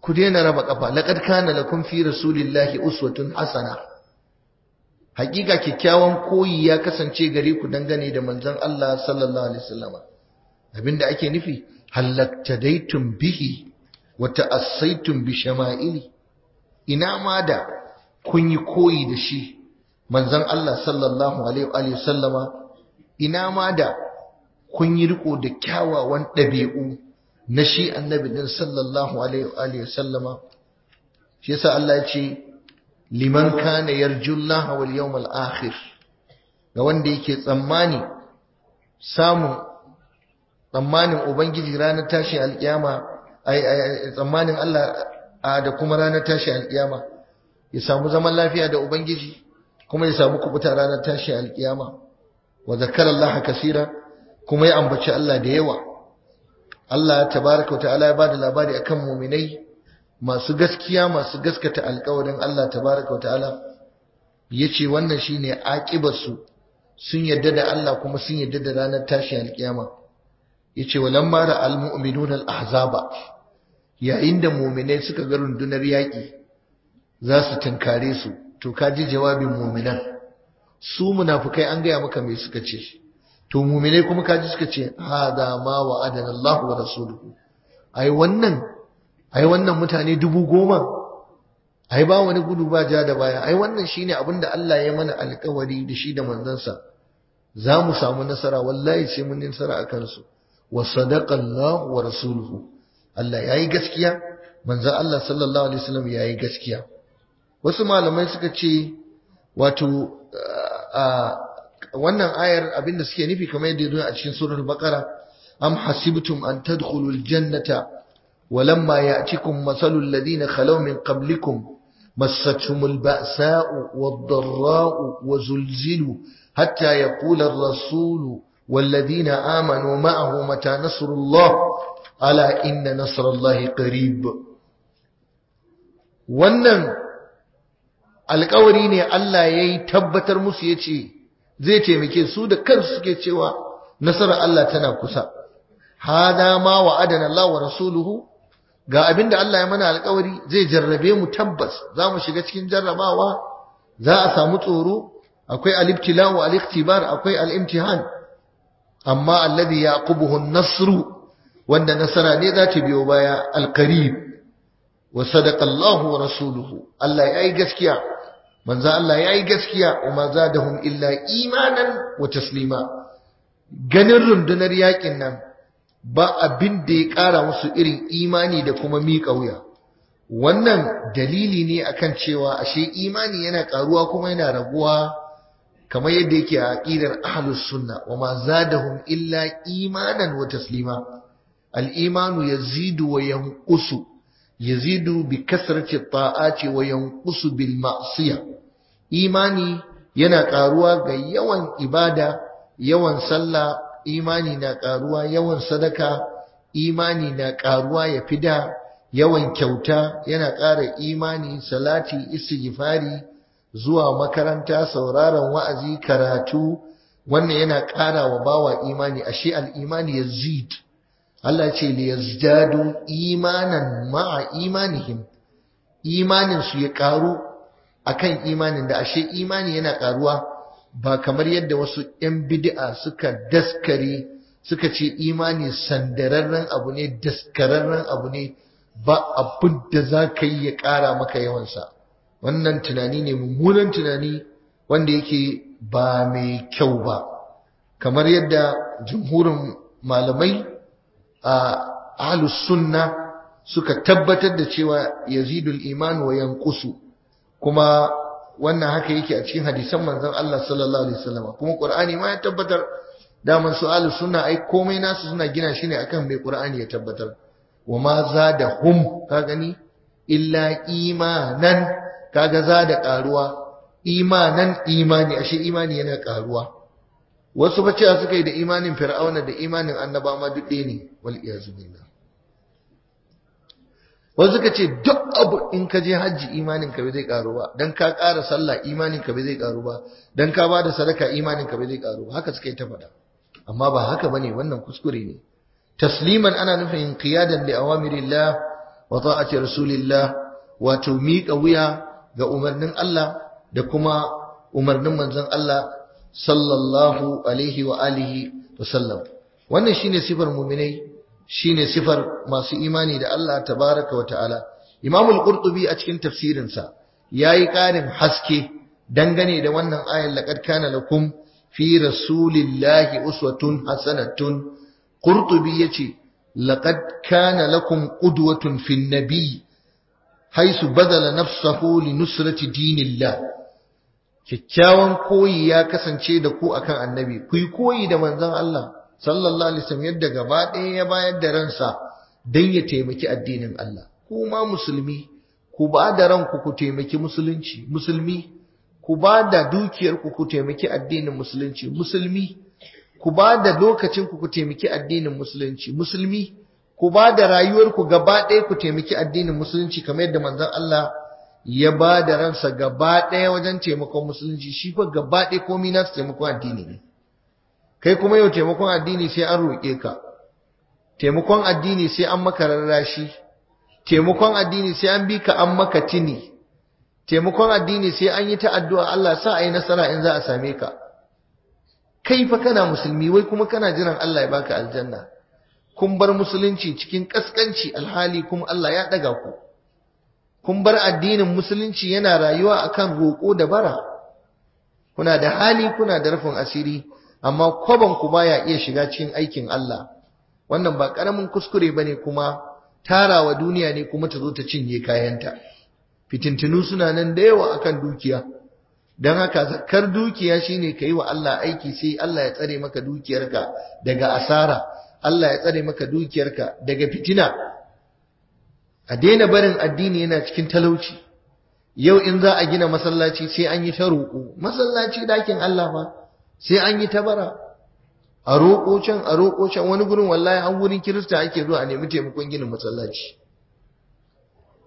A: ku daina raba ƙafa laƙad kana kun fi rasulillahi uswatun hasana hakika kyakkyawan koyi ya kasance gare ku dangane da manzon Allah sallallahu alaihi wasallam abinda ake nufi halaktadaitum bihi wa ta'assaitum bi shama'ili ina ma da kun yi koyi da shi manzon Allah sallallahu alaihi wa sallama ina ma da kun yi riko da kyawawan ɗabi'u na shi annabi din sallallahu alaihi wa sallama shi yasa Allah ya ce liman kana yarjullaha wal yawmal akhir ga wanda yake tsammani samun tsammanin ubangiji ranar tashi alkiyama tsammanin Allah da kuma ranar tashi alƙiyama ya samu zaman lafiya da ubangiji kuma ya samu kubuta ranar tashi alkiyama wa zakara Allah kasira kuma ya ambaci Allah da yawa Allah tabaraka wa ta'ala ya bada labari akan muminai masu gaskiya masu gaskata alkawarin Allah tabaraka wa ta'ala yace wannan shine aqibarsu sun yadda da Allah kuma sun yadda da ranar tashi alkiyama yace walamma ra almu'minuna alahzaba yayin da muminai suka ga rundunar yaki za su tunkare su to ka ji jawabin mu'minan su munafukai an gaya maka me suka ce to mu'minai kuma ka ji suka ce hada ma wa'adana Allah wa rasuluhu ai wannan ai wannan mutane dubu goma ai ba wani gudu ba ja da baya ai wannan shine abin da Allah ya mana alkawari da shi da manzansa za mu samu nasara wallahi sai mun nasara a kansu wa sadaqa Allah wa rasuluhu Allah yayi gaskiya manzon Allah sallallahu alaihi wasallam yayi gaskiya wasu malamai suka ce wato wannan ayar abinda suke nufi kamar yadda ya a cikin surar bakara am hasibtum an tadkhulul jannata walamma ya'tikum masalul ladina khalaw min qablikum مستهم البأساء والضراء وزلزلوا حتى يقول الرسول والذين آمنوا معه متى نصر الله ألا إن نصر الله قريب wannan alkawari ne Allah ya yi tabbatar musu ya ce zai taimake su da kansu suke cewa nasarar Allah tana kusa hada ma wa adana Allah wa rasuluhu ga abin da Allah ya mana alkawari zai jarrabe mu tabbas za mu shiga cikin jarrabawa za a samu tsoro akwai alibtila wa aliktibar akwai al'imtihan amma alladhi yaqubuhu an-nasru wanda nasara ne za ta biyo baya alqarib wa sadaqa Allahu wa rasuluhu Allah ya yi gaskiya manzo Allah ya yi gaskiya umma zadahum illa imanan wata taslima ganin rundunar yakin nan ba abin da ya kara musu irin imani da kuma miƙa wuya wannan dalili ne akan cewa ashe imani yana karuwa kuma yana raguwa kamar yadda yake a aqidar ahlus sunna wa ma zadahum illa imanan wa taslima al imanu yazidu wa yanqusu yazidu bi kasrati ta'ati wa yanqusu bil ma'siyah imani yana ƙaruwa ga yawan ibada yawan sallah imani na ƙaruwa yawan sadaka imani na ƙaruwa ya fi da yawan kyauta yana ƙara imani salati istighfari zuwa makaranta sauraron wa'azi karatu wannan yana ƙara wa bawa imani ashe al-imani yazid Allah ce li yazdadu imanan ma'a imanihim imanin su ya ƙaru akan imanin da ashe imani yana karuwa ba kamar yadda wasu 'yan bid'a suka daskare suka ce imani sandararren abu ne daskararren abu ne ba abin da za ka yi ya ƙara maka yawansa wannan tunani ne mummunan tunani wanda yake ba mai kyau ba kamar yadda jumhurin malamai a ahlus sunna suka tabbatar da cewa yazidul imanu wa yanqusu kuma wannan haka yake a cikin hadisan manzon Allah sallallahu alaihi wasallam kuma Qur'ani ma ya tabbatar Da man su'alu suna ai komai nasu suna gina shi ne akan mai Qur'ani ya tabbatar wa ma hum, ka gani illa imanan kaga da karuwa imanan imani ashe imani yana karuwa wasu bace suka yi da imanin fir'auna da imanin annaba ma duk ne wal iyazu billah wasu kace ce duk abu in ka je hajji imanin ka bai zai karu ba dan ka ƙara sallah imanin ka zai karu ba dan ka bada sadaka imanin ka zai karu ba haka suka yi ta faɗa amma ba haka bane wannan kuskure ne tasliman ana nufin qiyadan li awamirillah wa ta'ati rasulillah wato miƙa wuya ga umarnin Allah da kuma umarnin manzon Allah sallallahu alaihi wa alihi wa sallam wannan shine sifar mu'minai shine sifar masu imani da Allah tabaraka wa ta'ala Imam qurtubi a cikin tafsirinsa yayi ƙarin haske dangane da wannan ayar laqad kana lakum fi rasulillahi uswatun hasanatun Qurtubi yace laqad kana lakum qudwatun fin nabiy haisu badala nafsahu li nusrati dinillah kyakkyawan koyi ya kasance da ku akan annabi ku yi koyi da manzon Allah sallallahu alaihi wasallam yadda gaba ɗaya ya bayar da ransa don ya taimaki addinin Allah ku ma musulmi ku ba da ranku ku taimaki musulunci musulmi ku ba da dukiyarku ku taimaki addinin musulunci musulmi ku ba da lokacinku ku taimaki addinin musulunci musulmi ku ba da rayuwarku gaba ɗaya ku taimaki addinin musulunci kamar yadda manzon Allah ya ba da ransa gaba ɗaya wajen taimakon musulunci shi fa gaba ɗaya komai na taimakon addini ne kai kuma yau taimakon addini sai an roƙe ka taimakon addini sai an maka rarrashi taimakon addini sai an bi ka an maka tini taimakon addini sai an yi ta Allah sa a nasara in za a same ka kai fa kana musulmi wai kuma kana jiran Allah ya baka aljanna kun bar musulunci cikin kaskanci alhali kuma Allah ya daga ku kun bar addinin musulunci yana rayuwa akan roƙo da bara kuna da hali kuna da rufin asiri amma kwabon ku baya iya shiga cikin aikin Allah wannan ba karamin kuskure bane kuma tarawa duniya ne kuma ta zo ta cinye kayanta fitintinu suna nan da yawa akan dukiya don haka zakar dukiya shine ka wa Allah aiki sai Allah ya tsare maka dukiyarka daga asara Allah ya tsare maka dukiyarka daga fitina a daina barin addini yana cikin talauci yau in za a gina masallaci sai an yi ta roƙo masallaci dakin Allah ba sai an yi tabara a roƙo can a roƙo can wani gurin wallahi an gurin kirista ake zuwa a nemi taimakon ginin masallaci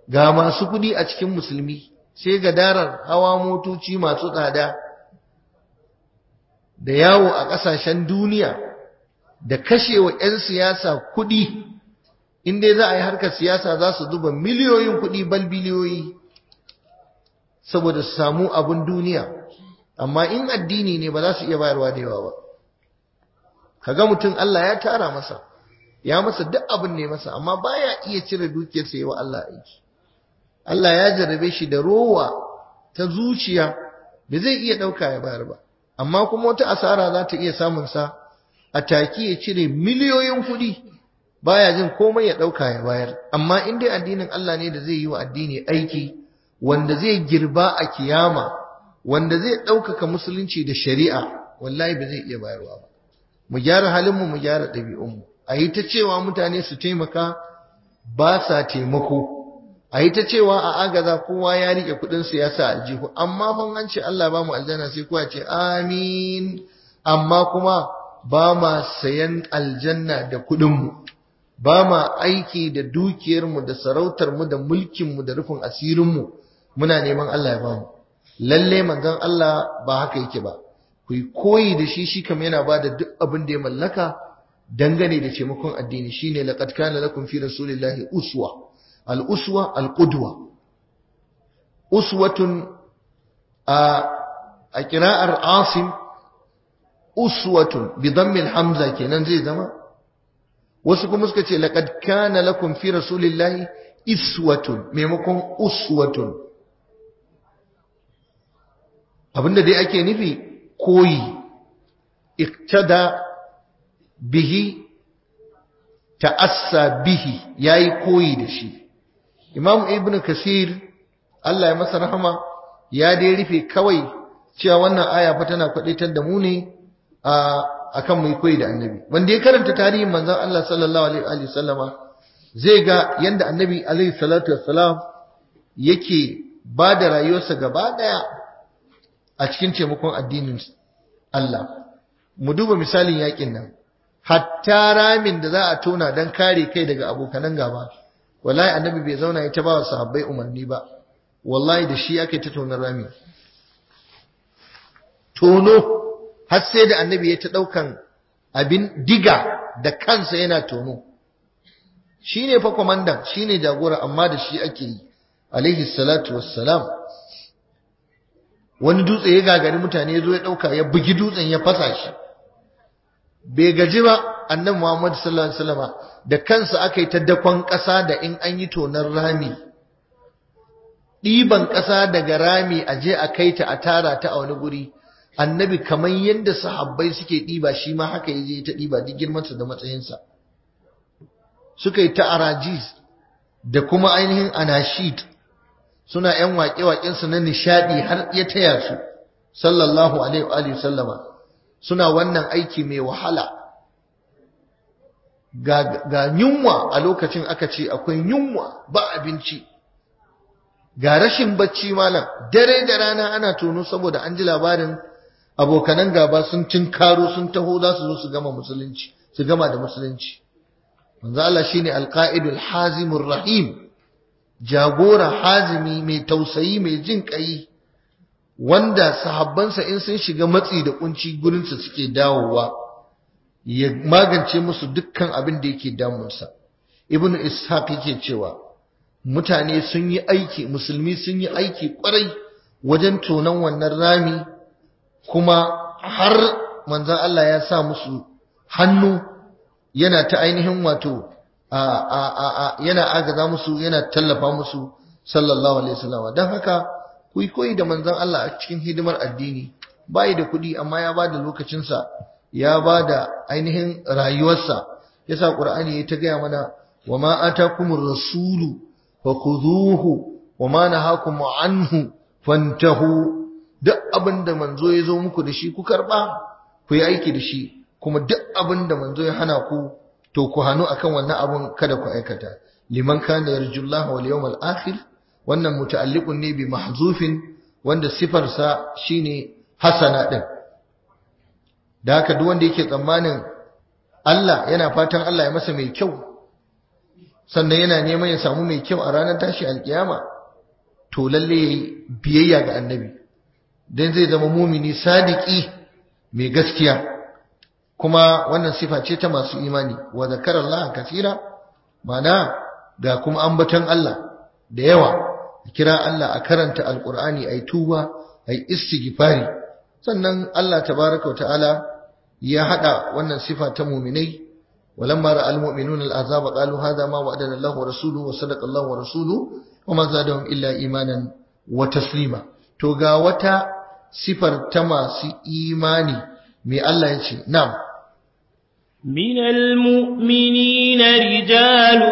A: ga masu kuɗi a cikin musulmi sai ga darar hawa motoci masu tsada da yawo a ƙasashen duniya da kashewa 'yan siyasa kuɗi in dai za a yi harkar siyasa za su zuba miliyoyin kuɗi bal biliyoyi saboda su samu abin duniya amma in addini ne ba za su iya bayarwa da yawa ba kaga mutum Allah ya tara masa ya masa duk abin ne masa amma baya iya cire dukiyarsa yawa Allah aiki Allah ya jarabe shi da rowa ta zuciya ba zai iya ɗauka ya bayar ba amma kuma wata asara za ta iya samun sa a taki ya cire miliyoyin kuɗi baya jin komai ya ɗauka ya bayar amma in dai addinin Allah ne da zai yi wa addini aiki wanda zai girba a kiyama wanda zai ɗaukaka musulunci da shari'a wallahi ba zai iya bayarwa ba mu gyara halinmu mu gyara ɗabi'unmu a yi ta cewa mutane su taimaka ba sa taimako a yi ta cewa a agaza kowa ya riƙe kuɗinsu ya sa aljihu amma fa an ce Allah ba mu aljanna sai kowa ce amin amma kuma ba ma sayan aljanna da kuɗinmu ba ma aiki da dukiyarmu da sarautarmu da mulkinmu da rufin asirinmu muna neman Allah ya ba mu lalle manzon Allah ba haka yake ba Kuyi koyi da shi shi kamar yana ba da duk abin da ya mallaka dangane da taimakon addini shine laqad kana lakum fi rasulillahi uswa al uswa al qudwa uswatun a a qira'ar asim uswatun bi dhammi al hamza kenan zai zama wasu kuma suka ce laqad kana lakum fi rasulillahi iswatun maimakon uswatun abinda dai ake nufi koyi iktada bihi ta'assa bihi yayi koyi da shi imam ibnu kasir Allah ya masa rahama ya dai rufe kawai cewa wannan aya fa tana kwadaitar da mu ne a akan mai koyi da annabi wanda ya karanta tarihin manzon Allah sallallahu alaihi wa Sallama, zai ga yanda annabi alaihi salatu wassalam yake ba da rayuwarsa gaba daya a cikin taimakon addinin Allah mu duba misalin yakin nan hatta ramin da za a tona don kare kai daga abokanan gaba wallahi annabi bai zauna ya ta ba wa sahabbai umarni ba wallahi da shi aka ta tonar rami tono har sai da annabi ya ta ɗaukan abin diga da kansa yana tono Shi ne fa shi ne jagora amma da shi ake yi alaihi salatu wassalam wani dutse ya gagari mutane zo ya dauka ya bugi dutsen ya fasa shi bai gaji ba annabi Muhammad sallallahu alaihi wasallam da kansa aka ta dakon ƙasa da in an yi tonar rami Diban ƙasa daga rami a je a kai ta a tara ta a wani guri annabi kamar yadda sahabbai suke ɗiba shi ma haka ya je ta ɗiba duk girmansa da matsayinsa suka yi ta arajis da kuma ainihin anashid suna yan waƙe waƙensu na nishaɗi har ya taya su sallallahu alaihi wa sallama suna wannan aiki mai wahala ga yunwa a lokacin aka ce akwai yunwa ba abinci ga rashin bacci malam dare da rana ana tono saboda an ji labarin abokanan gaba sun cin karo sun taho za su zo su gama musulunci su gama da musulunci manzo Allah shine alqaidul hazimur rahim jagora hazimi mai tausayi mai jin kai wanda sahabbansa in sun shiga matsi da kunci gurinsa suke dawowa ya magance musu dukkan abin da yake damunsa ibnu ishaq yake cewa mutane sun yi aiki musulmi sun yi aiki kwarai wajen tonon wannan rami kuma har manzon Allah ya sa musu hannu yana ta ainihin wato yana agaza musu yana tallafa musu sallallahu alaihi wasallam dan haka ku koyi da manzon Allah a cikin hidimar addini bai da kuɗi amma ya bada lokacinsa ya bada ainihin rayuwarsa yasa qur'ani ya ta gaya mana wama atakumur rasulu fakhuduhu wama nahakum anhu fantahu duk abinda manzo ya zo muku da shi ku karba ku yi aiki da shi kuma duk abinda manzo ya hana ku to ku hannu akan wannan abun kada ku aikata liman kana yarjullaha wal yawmal akhir wannan muta'alliqun ne bi mahzufin wanda sifarsa shine hasana din da haka duk wanda yake tsammanin Allah yana fatan Allah ya masa mai kyau sannan yana neman ya samu mai kyau a ranar tashi alkiyama to lalle yayi biyayya ga annabi dan zai zama mumini sadiki mai gaskiya kuma wannan sifa ce ta masu imani wa zakara Allah kasira mana ga kuma ambaton Allah da yawa kira Allah a karanta alqur'ani ai tuba ai istighfari sannan Allah tabaaraka wa ta'ala ya hada wannan sifa ta mu'minai walamma ra'al mu'minuna al'azaba qalu hadha ma wa'adana wa rasuluhu wa sadaqa Allahu wa rasuluhu wama zadahum illa imanan wa taslima to ga wata sifar ta masu imani me Allah ya ce na'am من
B: المؤمنين رجال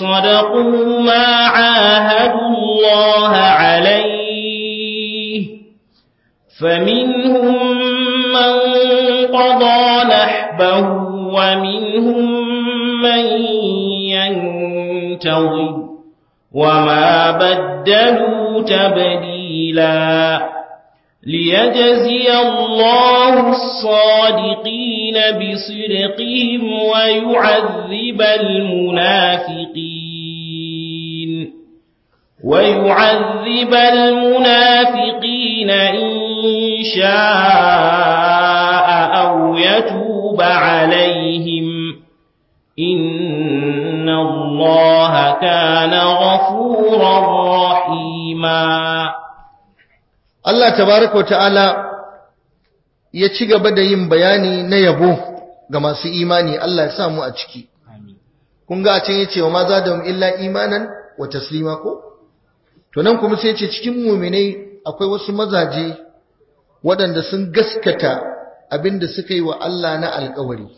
B: صدقوا ما عاهدوا الله عليه فمنهم من قضى نحبه ومنهم من ينتظر وما بدلوا تبديلاً ليجزي الله الصادقين بصدقهم ويعذب المنافقين ويعذب المنافقين إن شاء أو يتوب عليهم إن الله
A: كان غفورا رحيماً Allah tabaraka ta'ala ya ci gaba da yin bayani na yabo ga masu imani Allah ya sa a ciki kun ga a can yace wa maza da illa imanan wa taslima ko to nan kuma sai yace cikin mu'minai akwai wasu mazaje waɗanda sun gaskata abinda suka yi wa Allah na alƙawari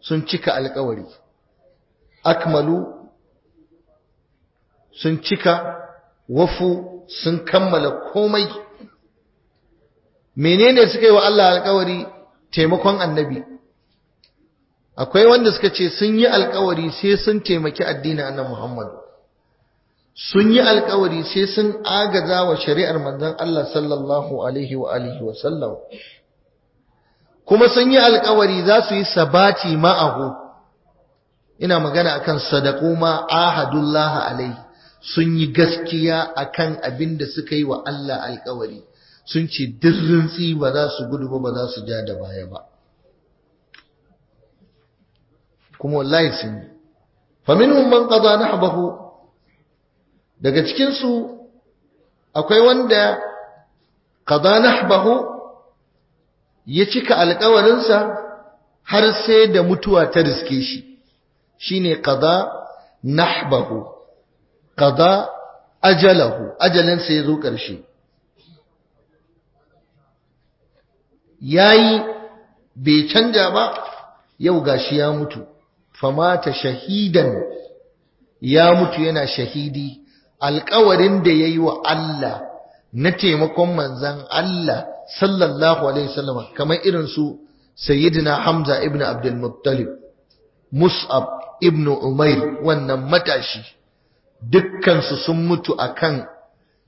A: sun cika alƙawari akmalu sun cika wafu sun kammala komai menene suka yi wa Allah alƙawari taimakon annabi akwai wanda suka ce sun yi alƙawari sai sun taimaki addinin annabi Muhammad sun yi alƙawari sai sun agaza wa shari'ar manzon Allah sallallahu alaihi wa alihi wa sallam kuma sun yi alƙawari za su yi sabati ma'ahu ina magana akan sadaqu ma ahadullahi alaihi sun yi gaskiya a kan abin da suka yi wa Allah alkawari sun ce dirrintsi ba za su gudu ba za su ja da baya ba kuma wallahi sun yi faminhum man na habahu daga cikinsu akwai wanda na habahu ya cika alkawarinsa har sai da mutuwa ta riske shi shi ne shine na habahu qada ajalahu ajalin sai zo ƙarshe yayi bai canja ba yau gashi ya mutu famata shahidan ya mutu yana shahidi alƙawarin da yayi wa Allah na taimakon manzan Allah sallallahu alaihi wasallam kamar irin su sayyidina Hamza ibnu Abdul Muttalib Mus'ab ibnu Umair wannan matashi dukkansu sun mutu akan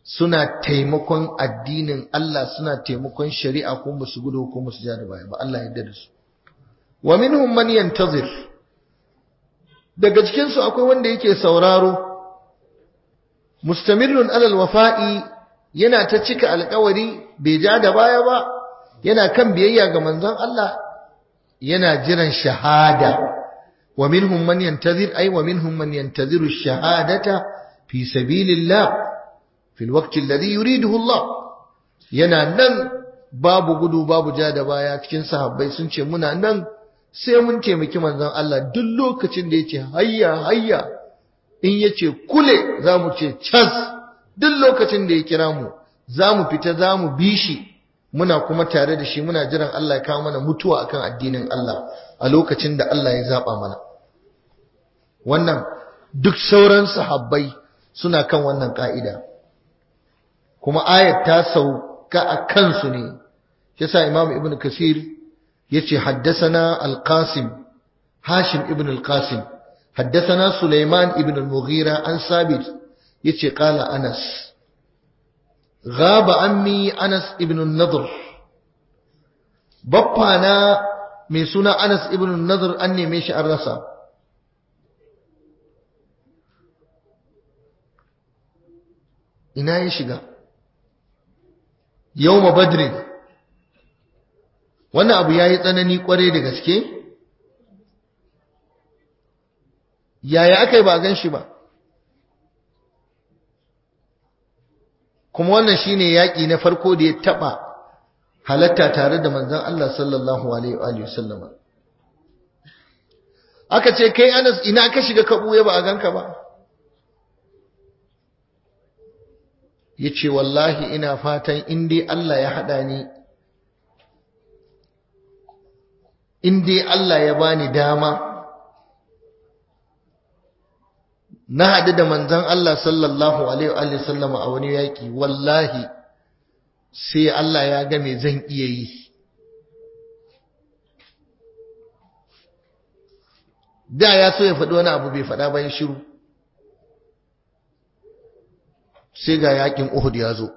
A: suna taimakon addinin Allah suna taimakon shari'a ko musu gudu ko musu ja da baya ba Allah yadda da su wa minhum man yantazir daga cikin su akwai wanda yake sauraro mustamirrun alal wafa'i yana ta cika alƙawari bai ja da baya ba yana kan biyayya ga manzon Allah yana jiran shahada ومنهم من ينتظر أي ومنهم من ينتظر الشهادة في سبيل الله في الوقت الذي يريده yana nan babu gudu babu ja da baya cikin sahabbai sun ce muna nan sai mun taimaki manzon Allah duk lokacin da yace hayya hayya in yace kule zamu ce cas duk lokacin da ya kira mu zamu fita zamu bi shi muna kuma tare da shi muna jiran Allah ya kawo mana mutuwa akan addinin Allah a lokacin da Allah ya zaɓa mana wannan duk sauran sahabbai suna kan wannan ka'ida kuma ayat ta sauka a kansu ne yasa imam ibn kasir yace haddathana al-qasim hashim ibn al-qasim haddathana sulaiman ibn al-mughira an sabit yace qala anas ghaba ammi anas ibn an-nadr na mai suna anas ibn an an neme shi an rasa ina ya shiga yau ma badrin wannan abu ya yi tsanani kwarai da gaske yaya aka yi ba gan shi ba kuma wannan shine yaƙi na farko da ya taɓa halatta tare da manzan Allah sallallahu alaihi wa sallama. aka ce kai Anas ina ka shiga ka ya ba a ganka ba ya ce wallahi ina fatan in dai Allah ya haɗa ni in dai Allah ya bani dama na haɗu da manzan Allah sallallahu alaihi sallama a wani yaƙi wallahi sai Allah ya ga me zan iya yi da ya so ya faɗi wani abu bai faɗa bayan shiru sai ga yakin Uhud ya zo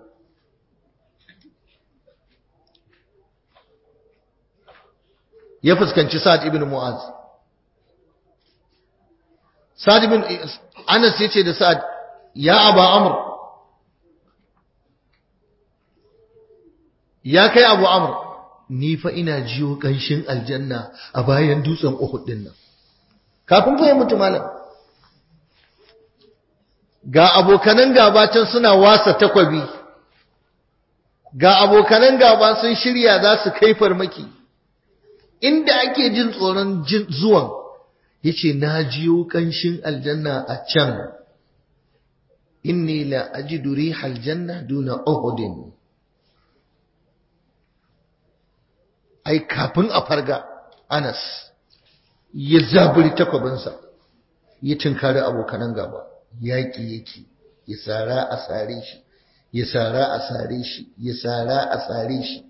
A: ya fuskanci Sa'ad ibn Mu'az Sa'ad ibn Anas yace da Sa'ad ya Aba Amr ya kai Abu Amr ni fa ina jiyo kanshin aljanna a bayan dutsen Uhud din nan kafin fa mutu malam ga abokanan gaba can suna wasa takwabi ga abokanan gaba sun shirya za su kai farmaki inda ake jin tsoron zuwan ya ce na jiyo kanshin aljanna a can inni la ajidu aljanna duna ohudin ai kafin a farga Anas ya zaburi takwabinsa ya tinkari abokanan gaba yaƙi yake ya sara a sare shi ya sara a sare shi ya sara a sare shi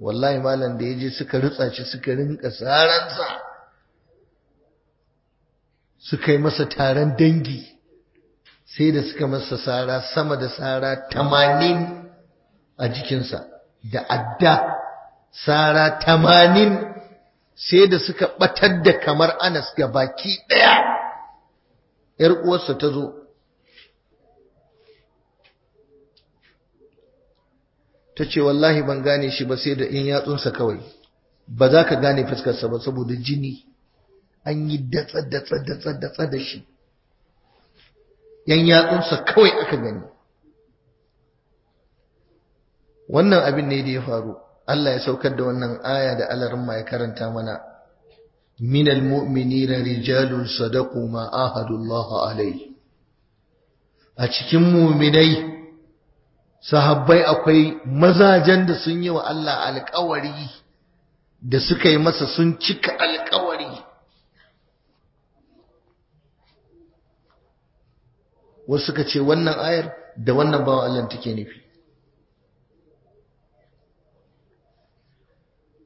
A: wallahi malam da ya je suka rutsa shi suka rinka saransa suka yi masa taron dangi sai da suka masa sara sama da sara tamanin a jikinsa da adda sara tamanin sai da suka batar da kamar Anas ga baki ɗaya ‘yar uwarsa ta zo ta ce wallahi ban gane shi ba sai da in yatsunsa kawai ba za ka gane fuskarsa ba saboda jini an yi datsa-datsa-datsa da shi yan yatsunsa kawai aka gani wannan abin ne da ya faru Allah ya saukar da wannan aya da alarin ma ya karanta mana minal na rijalun sadaqu ma ahadullah alai a cikin mu'minai sahabbai akwai mazajen da sun yi wa Allah alƙawari da suka yi masa sun cika alƙawari wasu suka ce wannan ayar da wannan bawa Allah take nufi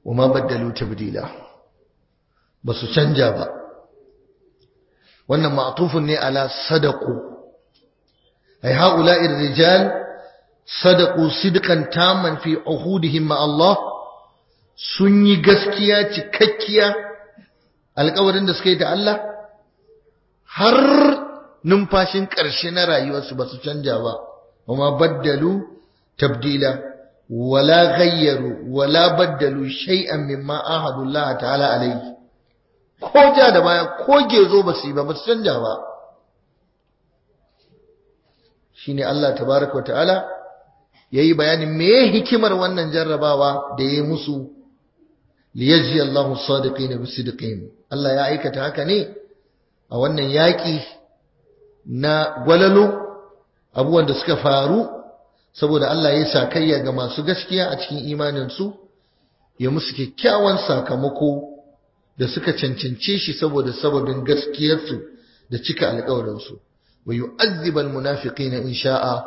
A: wa ma baddalu ba su canja ba wannan ma'tufun ne ala sadaqu ai haula'i rijal sadaqu sidqan taman fi uhudihim ma Allah sun yi gaskiya cikakkiya alƙawarin da suka yi da Allah har numfashin ƙarshe na rayuwarsu ba su canja ba amma baddalu tabdila wala غيروا wala baddalu شيئا مما عهد الله ta'ala عليه ko ja da baya ko gezo ba su yi ba ba su canja ba Shi ne Allah tabaraka wa ta'ala yi bayanin me hikimar wannan jarrabawa da ya yi musu liyajzi Allahu sadiqina bisidqihim Allah ya aikata haka ne a wannan yaƙi na gwalalo abubuwan da suka faru saboda Allah ya sakayya ga masu gaskiya a cikin imaninsu ya musu kyakkyawan sakamako da suka cancance shi saboda sababin gaskiyarsu da cika alkawarinsu wa yu'azzibal munafiqina in sha'a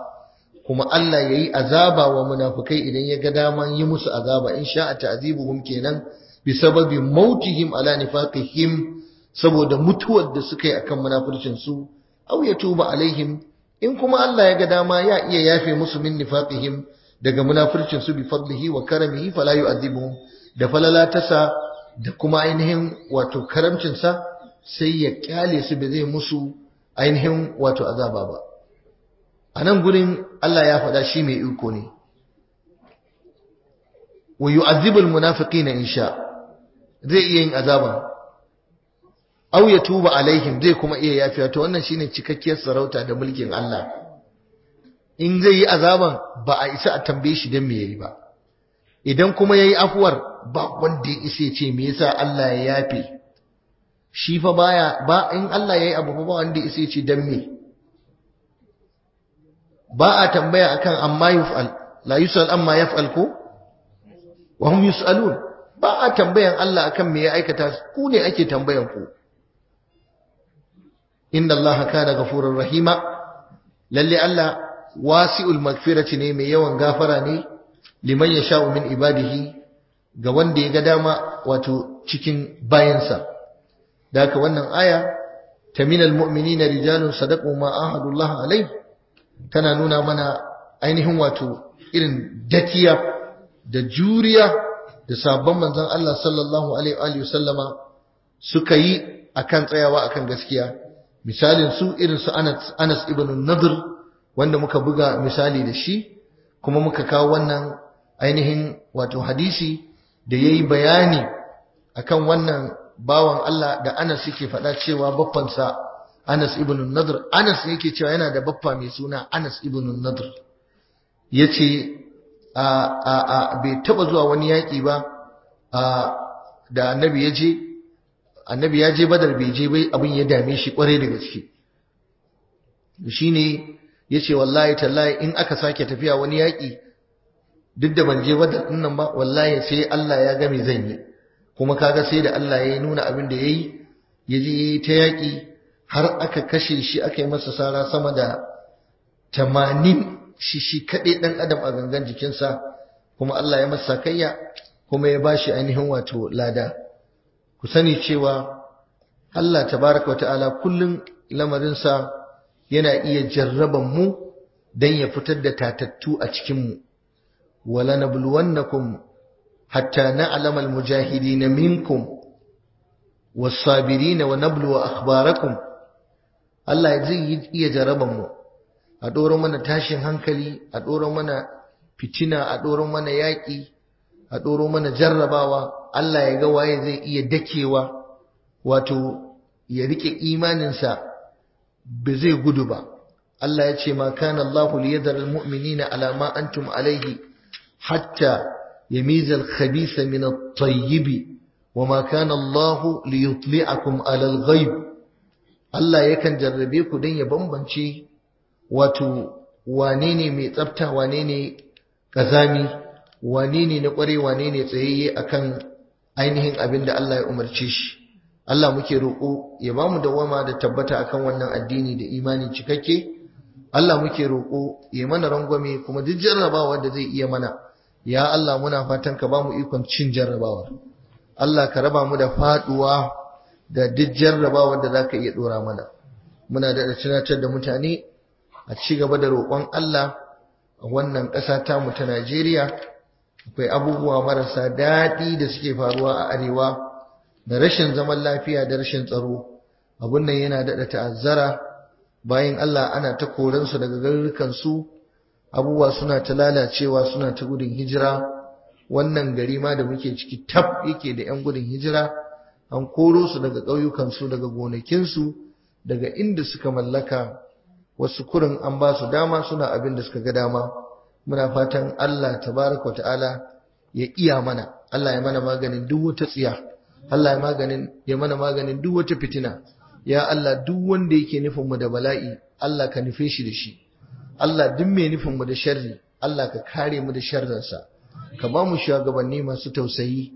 A: kuma Allah yayi azaba wa munafikai idan ya ga daman yi musu azaba in sha'a ta'zibuhum kenan bi sababi mautihim ala nifaqihim saboda mutuwar da suka yi akan munafircin su aw yatuba alaihim in kuma Allah ya ga dama ya iya yafe musu min nifaqihim daga munafircin su bi fadlihi wa karamihi fala yu'adhibuhum da falala tasa da kuma ainihin wato karamcin sa sai ya kyale su ba zai musu ainihin wato azaba ba anan gurin Allah ya faɗa shi mai iko ne wa yu'adhibul munafiqina insha zai iya yin azaba aw ya tuba alaihim zai kuma iya yafiya to wannan shine cikakkiyar sarauta da mulkin Allah in zai yi azaban ba a isa a tambaye shi dan me yayi ba idan kuma yayi afuwar ba wanda ya isa ya ce me yasa Allah ya yafe shi fa baya ba in Allah yayi abu ba wanda ya isa ya ce dan me ba a tambaya akan amma yuf'al la yusal amma yaf'al ko wa hum yusalun ba a tambayan Allah akan me ya aikata ku ne ake tambayan ku inna allaha kana ghafurur rahima lalle allah wasi'ul magfirati ne mai yawan gafara ne liman yasha'u min ibadihi ga wanda ya ga dama wato cikin bayansa da haka wannan aya ta minal mu'minina rijalun sadaqu ma ahadullah alai tana nuna mana ainihin wato irin dakiya da juriya da sabon manzon Allah sallallahu alaihi wa sallama suka yi akan tsayawa akan gaskiya misalin su irin su Anas ibn Nadir wanda muka buga misali da shi kuma muka kawo wannan ainihin wato hadisi da yayi bayani akan wannan bawan Allah da Anas yake faɗa cewa baffansa Anas ibn Nadir Anas yake cewa yana da baffa mai suna Anas ibn Nadir yace a a a bai taba zuwa wani yaki ba da annabi ya je annabi ya je badar bai je bai abin ya dame shi kwarai da gaske shine yace wallahi tallahi in aka sake tafiya wani yaki duk da ban je badar din nan ba wallahi sai Allah ya ga me zan yi kuma kaga sai da Allah ya nuna abin da ya yi, ya je ta yaki har aka kashe shi aka yi masa sara sama da tamanin shi shi kaɗai ɗan adam a gangan jikinsa kuma Allah ya masa kayya kuma ya ba shi ainihin wato lada ku sani cewa Allah tabaraka wa ta'ala kullum lamarinsa yana iya jarraban mu don ya fitar da tatattu a cikinmu wala nabluwannakum hatta na'lama almujahidin minkum was-sabirin wa nabluwa akhbarakum Allah zai iya jarraban mu a ɗoron mana tashin hankali a ɗoron mana fitina a ɗoron mana yaƙi a ɗoron mana jarrabawa Allah ya ga waye zai iya dakewa wato ya rike imaninsa ba zai gudu ba Allah ya ce ma kana Allah liyadar muminina ala ma antum alaihi hatta ya al Khabisa min at-tayyib wa ma kana Allah liyutli'akum ala al-ghaib Allah yakan jarrabe ku dan ya bambance wato wane ne mai tsafta wane ne kazami wane ne na kware wane ne tsayayye akan ainihin abin da Allah ya umarce shi Allah muke roƙo ya ba mu dawama da tabbata akan wannan addini da imani cikakke Allah muke roƙo ya mana rangwame kuma duk jarrabawa da zai iya mana ya Allah muna fatan ka ba mu ikon cin jarrabawa Allah ka raba mu da faduwa da duk jarrabawa da zaka iya dora mana muna da tunatar da mutane a ci gaba da roƙon Allah a wannan ƙasa ta mu ta Najeriya akwai abubuwa marasa daɗi da suke faruwa a arewa da rashin zaman lafiya da rashin tsaro abun nan yana daɗa ta'azzara bayan Allah ana ta koransu daga su abubuwa suna ta lalacewa suna ta gudun hijira wannan gari ma da muke ciki tab yake da 'yan gudun hijira an koro su daga ƙauyukansu daga gonakinsu daga inda suka mallaka wasu kurin an ba su dama suna abin da suka ga dama muna fatan Allah tabaraka ta'ala ya iya mana Allah ya mana maganin duk wata tsiya Allah ya maganin mana maganin duk wata fitina ya Allah duk wanda yake nufin mu da bala'i Allah ka nufe shi da shi Allah duk mai nufin mu da sharri Allah ka kare mu da sharrinsa ka ba mu shugabanni masu tausayi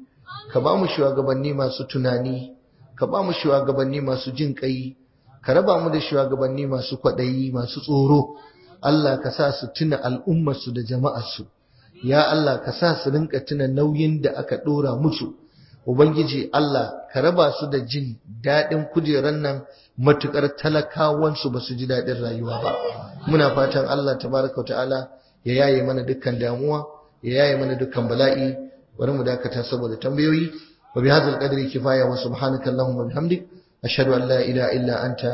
A: ka ba mu shugabanni masu tunani ka ba mu shugabanni masu jin kai ka raba mu da shugabanni masu kwaɗayi masu tsoro Allah ka sa su tuna al'ummarsu da jama'arsu ya Allah ka sa su rinka tuna nauyin da aka ɗora musu Ubangiji Allah ka raba su da jin daɗin kujeran nan matuƙar talakawansu ba su ji daɗin rayuwa ba. Muna fatan Allah tabaraka ta'ala ya yaye mana dukkan damuwa, ya yaye mana dukkan bala'i, bari mu dakata saboda tambayoyi. Wa bi hadzal qadri kifaya wa subhanaka allahumma bihamdik ashhadu an la ilaha illa anta